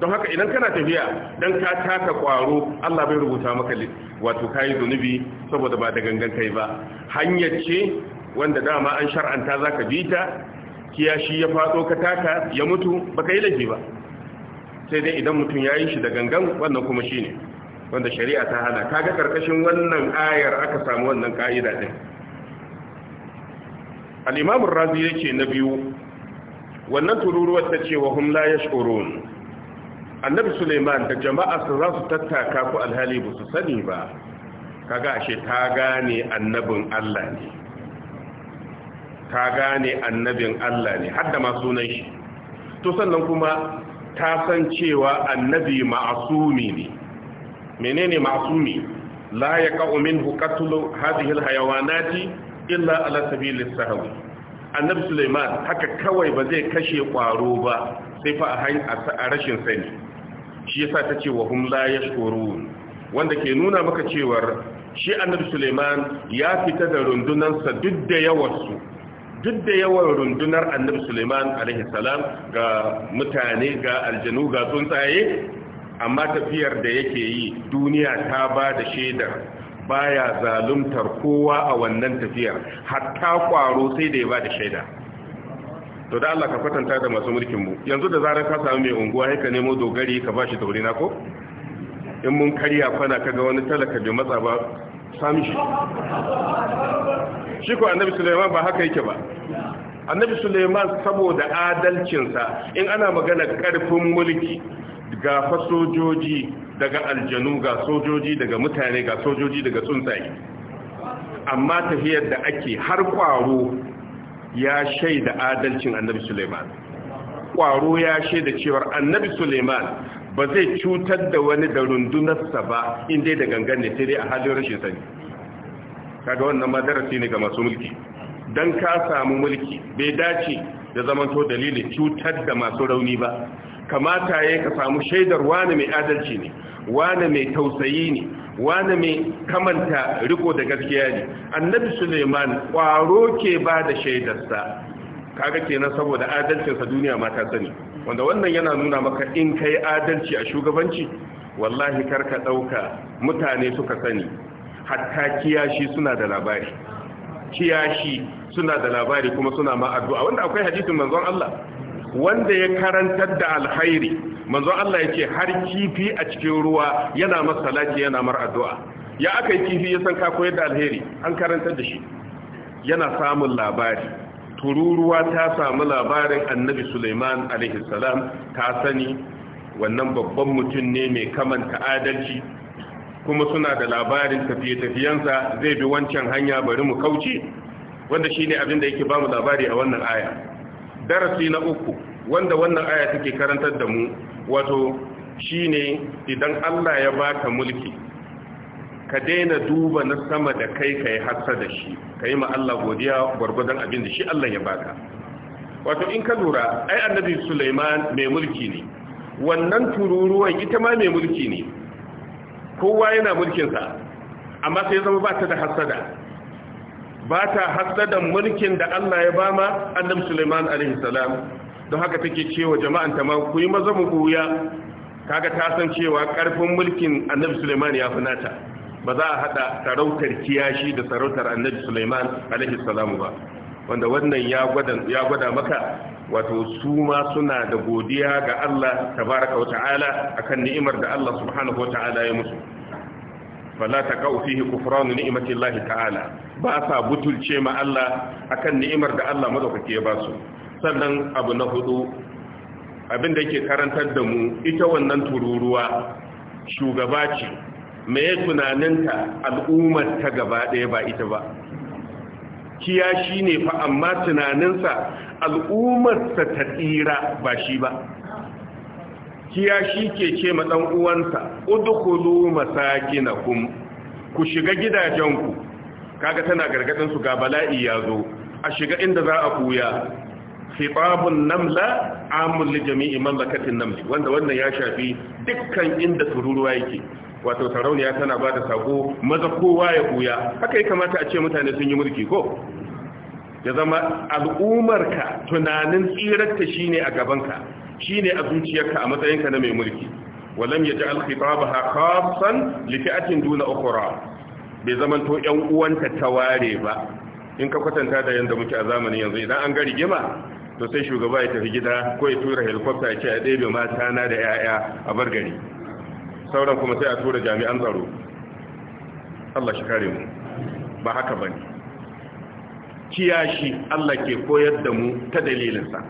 don haka idan kana tafiya dan ka taka kwaro Allah bai rubuta maka wato kai zunubi saboda ba da gangan kai ba hanya ce wanda dama an shar'anta zaka bi ta kiyashi ya faɗo ka taka ya mutu baka yi laifi ba sai dai idan mutum ya yi shi da gangan wannan kuma shine wanda shari'a ta hana kaga karkashin wannan ayar aka samu wannan ka'ida din al-imam ar-razi yake na biyu wannan tururuwar ta ce wa hum la yash'urun annabi suleiman da jama'a su za su tattaka ku alhali ba su sani ba kaga ashe ta gane annabin Allah ne ta gane annabin Allah ne hadda ma sunan shi to sannan kuma ta san cewa annabi ma'asumi ne menene ma'asumi la yaqa'u minhu qatlu hadhihi alhayawanati illa ala sabil as-sahwi annabi Sulaiman haka kawai ba zai kashe kwaro ba sai fa a rashin sani shi yasa tace wa hum la yashkurun wanda ke nuna maka cewar shi annabi Sulaiman ya fita da rundunansa duk da yawarsu duk da yawan rundunar annabi Suleiman alaihi salam ga mutane ga aljanu ga tsuntsaye amma tafiyar da yake yi duniya ta ba da shaidar baya zaluntar kowa a wannan tafiyar hatta kwaro sai da ya ba da shaida to da Allah ka kwatanta da masu mulkin mu yanzu da zarar ka samu mai unguwa sai ka nemo dogari ka bashi tauri na ko in mun karya kwana kaga wani talaka bai matsa ba sami shi shi ko annabi Sulaiman ba haka yake ba annabi suleiman saboda adalcinsa in ana magana karfin mulki ga fa sojoji daga aljanu ga sojoji daga mutane ga sojoji daga tsuntsaye amma tafiyar da ake har kwaro ya shaida adalcin annabi suleiman kwaro ya shaida cewar annabi suleiman ba zai cutar da wani da rundunarsa ba inda da gangan ne sai dai a halin rashin sani kaga wannan madarasi ne ga masu mulki don ka samu mulki bai dace da zamanto dalilin cutar da masu rauni ba kamata ya ka samu shaidar wani mai adalci ne wani mai tausayi ne wani mai kamanta riko da gaskiya ne annabi suleiman kwaro ke ba da shaidarsa kaga kenan saboda adalcinsa duniya ma ta sani wanda wannan yana nuna maka in kai adalci a shugabanci wallahi karka ɗauka mutane suka sani hatta kiyashi suna da labari kiyashi suna da labari kuma suna ma addu'a wanda akwai hadisin manzon Allah wanda ya karantar da alkhairi manzon Allah ya ce har kifi a cikin ruwa yana masallaci yana mar addu'a ya akai kifi ya san ka koyar da alheri an karantar da shi yana samun labari tururuwa ta samu labarin annabi Sulaiman alaihi salam ta sani wannan babban mutum ne mai kamanta adalci kuma suna da labarin tafiye-tafiyensa zai bi wancan hanya bari mu kauce wanda shine abin da yake bamu labari a wannan aya darasi na uku wanda wannan aya take karantar da mu wato shine idan Allah ya baka mulki ka daina duba na sama da kai yi hassa da shi kai ma Allah godiya gwargwadon abin da shi Allah ya baka wato in ka lura ai annabi Suleiman mai mulki ne wannan tururuwan ita ma mai mulki ne kowa yana mulkinsa amma sai zama ba ta da hasada ba ta hasada mulkin da Allah ya bama annab Sulaiman alaihi salam don haka take cewa jama'an ta ma ku yi maza mu buya kaga ta san cewa karfin mulkin annabi Sulaiman ya nata ba za a hada sarautar kiyashi da sarautar annabi Sulaiman alaihi salamu ba wanda wannan ya gwada maka wato su ma suna da godiya ga Allah tabaraka wa ta'ala akan ni'imar da Allah subhanahu wa ta'ala ya musu fala taqau fihi kufran ni'mati Allah ta'ala ba sa butulce ma Allah akan ni'imar da Allah madaukake ya ba su sannan abu na hudu abin da yake karantar da mu ita wannan tururuwa shugaba ce me ya tunaninta al'ummar ta gaba ɗaya ba ita ba kiya shi ne fa amma tunaninsa al'ummarsa ta tsira ba shi ba kiyashi ke ce ma dan uwansa udkhulu masakinakum ku shiga gidajenku kaga tana gargadin su ga bala'i ya zo. a shiga inda za a kuya khitabun namla amul li jami'i mamlakatin namli wanda wannan ya shafi dukkan inda tururuwa yake wato sarauniya tana ba da sako maza kowa ya kuya haka ya kamata a ce mutane sun yi mulki ko ya zama al'umarka tunanin tsirarta shine a gabanka shine a zuciyarka a matsayinka na mai mulki walam yaj'al khitabaha khassan li fi'atin duna ukhra bai zamanto yan uwanta taware ba in ka kwatanta da yanda muke a zamanin yanzu idan an ga rigima to sai shugaba ya tafi gida ko ya tura helicopter ya ce a ɗebe mata na da 'ya'ya a bar gari sauran kuma sai a tura jami'an tsaro Allah shi kare mu ba haka bane kiyashi Allah ke koyar da mu ta dalilinsa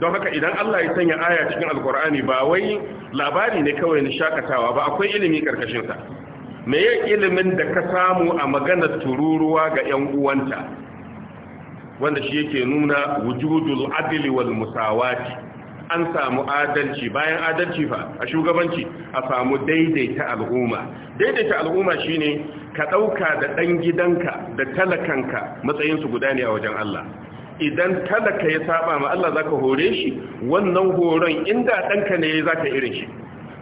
don haka idan Allah ya sanya aya cikin alkur'ani ba wai labari ne kawai na shakatawa ba akwai ilimi karkashinsa me ya ilimin da ka samu a maganar tururuwa ga 'yan uwanta wanda shi yake nuna wujudul adli wal musawati an samu adalci bayan adalci fa a shugabanci a samu daidaita al'umma daidaita al'umma shine ka dauka da dan gidanka da talakanka matsayin su guda ne a wajen Allah idan talaka ya saba ma Allah zaka hore shi wannan horon inda danka ne zaka irin shi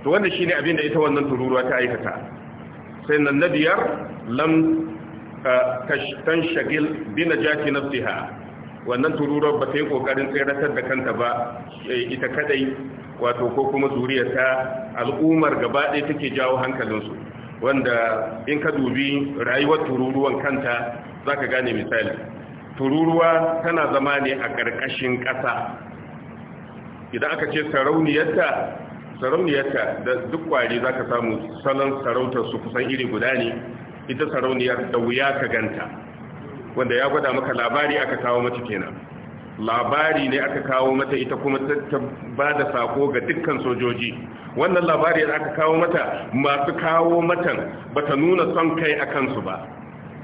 to wanda shine abin da ita wannan tururuwa ta aikata sai nan na biyar lam eh, tashtanshagil bi najati nafsiha wannan tururar ba ta yi kokarin tseratar da kanta ba eh, ita kadai wato ko kuma ta al'ummar gaba ɗaya take jawo hankalinsu wanda in ka dubi rayuwar tururuwan kanta za ka gane misali tururuwa tana zama ne a ƙarƙashin ƙasa idan aka ce sarauniyarta sarauniyarta da duk kwari za ka samu salon sarautar su kusan iri guda ne ita sarauniyar da wuya ka ganta wanda ya gwada maka labari aka kawo mata kenan labari ne aka kawo mata ita kuma ta ba da sako ga dukkan sojoji wannan labari da aka kawo mata masu kawo matan ba ta nuna son kai a kansu ba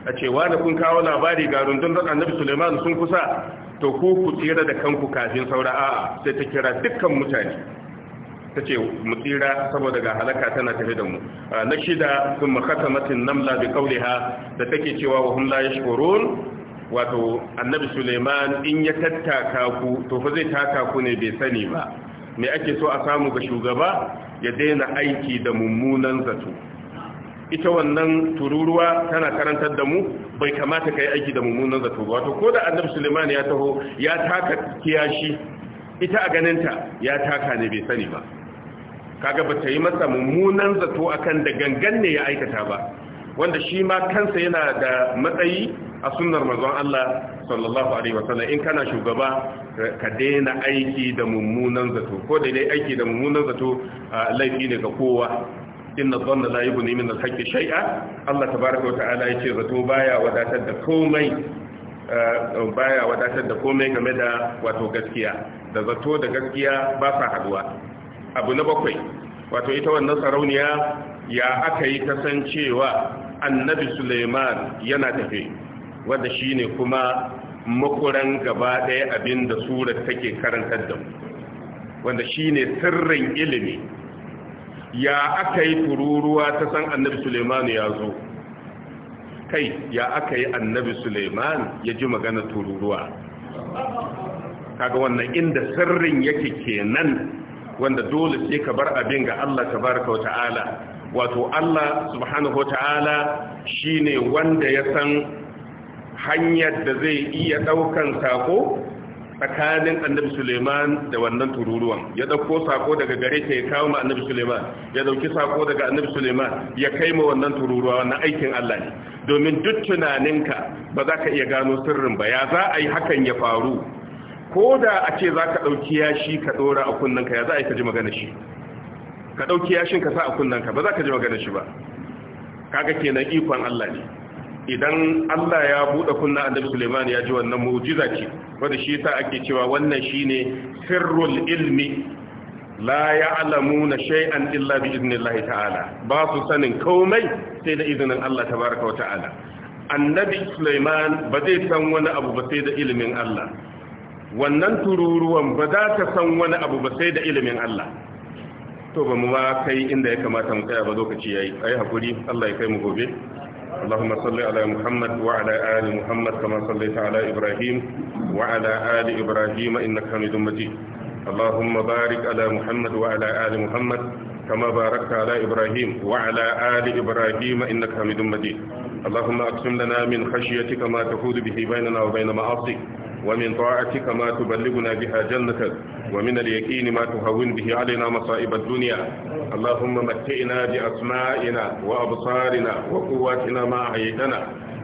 a cewa da kun kawo labari ga rundunar annabi suleiman sun kusa to ku ku tsira da kanku kafin saura a'a sai ta kira dukkan mutane ta ce mu tsira saboda ga halaka tana tafi da mu ah, na shida sun makasamatin namla bi kauliha da take cewa wa hum la yashkurun wato annabi suleiman in ya tattaka ku to fa zai taka ku ne bai sani ba me ake so a samu ga shugaba ya daina aiki da mummunan zato ita wannan tururuwa tana karantar da mu bai kamata ka yi aiki da mummunan zato ba wato ko da annabi suleiman ya taho ya taka kiyashi ita a ganinta ya taka ne bai sani ba kaga ba ta yi masa mummunan zato akan da gangan ne ya aikata ba wanda shi ma kansa yana da matsayi a sunnar manzon Allah sallallahu alaihi wasallam in kana shugaba ka daina aiki da mummunan zato ko da dai aiki da mummunan zato laifi ne ga kowa inna dhanna la yughni min al-haqqi shay'a Allah tabaaraka wa ta'ala yace zato baya wadatar da komai baya wadatar da komai game da wato gaskiya da zato da gaskiya ba sa haduwa abu na bakwai wato ita wannan sarauniya ya aka yi kasancewa annabi suleiman yana tafe wanda ne kuma makuran gaba ɗaya abin da surar take karantar da mu wanda ne sirrin ilimi ya aka yi tururuwa ta san annabi suleiman ya zo kai ya aka yi annabi suleiman ya ji magana tururuwa kaga wannan inda sirrin yake kenan wanda dole sai ka bar abin ga Allah tabaraka wa ta'ala wato Allah subhanahu wa ta'ala shine wanda ya san hanyar da zai iya daukan sako tsakanin annabi Suleiman da wannan tururuwan ya dauko sako daga gare ta ya kawo ma annabi Suleiman ya dauki sako daga annabi Suleiman ya kai ma wannan tururuwa wannan aikin Allah ne domin duk tunaninka ba za ka iya gano sirrin ba ya za a yi hakan ya faru ko da a ce za ka ɗauki yashi ka ɗora a kunnanka ya za a yi ka ji magana shi ka ɗauki yashin ka sa a kunnanka ba za ka ji magana shi ba kaga kenan ikon Allah ne idan Allah ya buɗe kunna annabi Suleiman ya ji wannan mu'jiza ce wanda shi ta ake cewa wannan shine sirrul ilmi la ya'lamuna shay'an illa bi idnillahi ta'ala ba su sanin komai sai da izinin Allah tabaaraka wa ta'ala annabi Suleiman ba zai san wani abu ba sai da ilimin Allah wannan tururuwan ba za ta san wani abu ba sai da ilimin Allah to ba mu ma kai inda ya kamata mu tsaya ba lokaci yayi ayi hakuri Allah ya kai mu gobe اللهم صل على محمد وعلى آل محمد كما صليت على إبراهيم وعلى آل إبراهيم إنك حميد مجيد اللهم بارك على محمد وعلى آل محمد كما باركت على إبراهيم وعلى آل إبراهيم إنك حميد مجيد اللهم أقسم لنا من خشيتك ما تفوض به بيننا وبين معاصيك ومن طاعتك ما تبلغنا بها جنتك ومن اليقين ما تهون به علينا مصائب الدنيا اللهم متئنا بأسمائنا وأبصارنا وقواتنا ما أحييتنا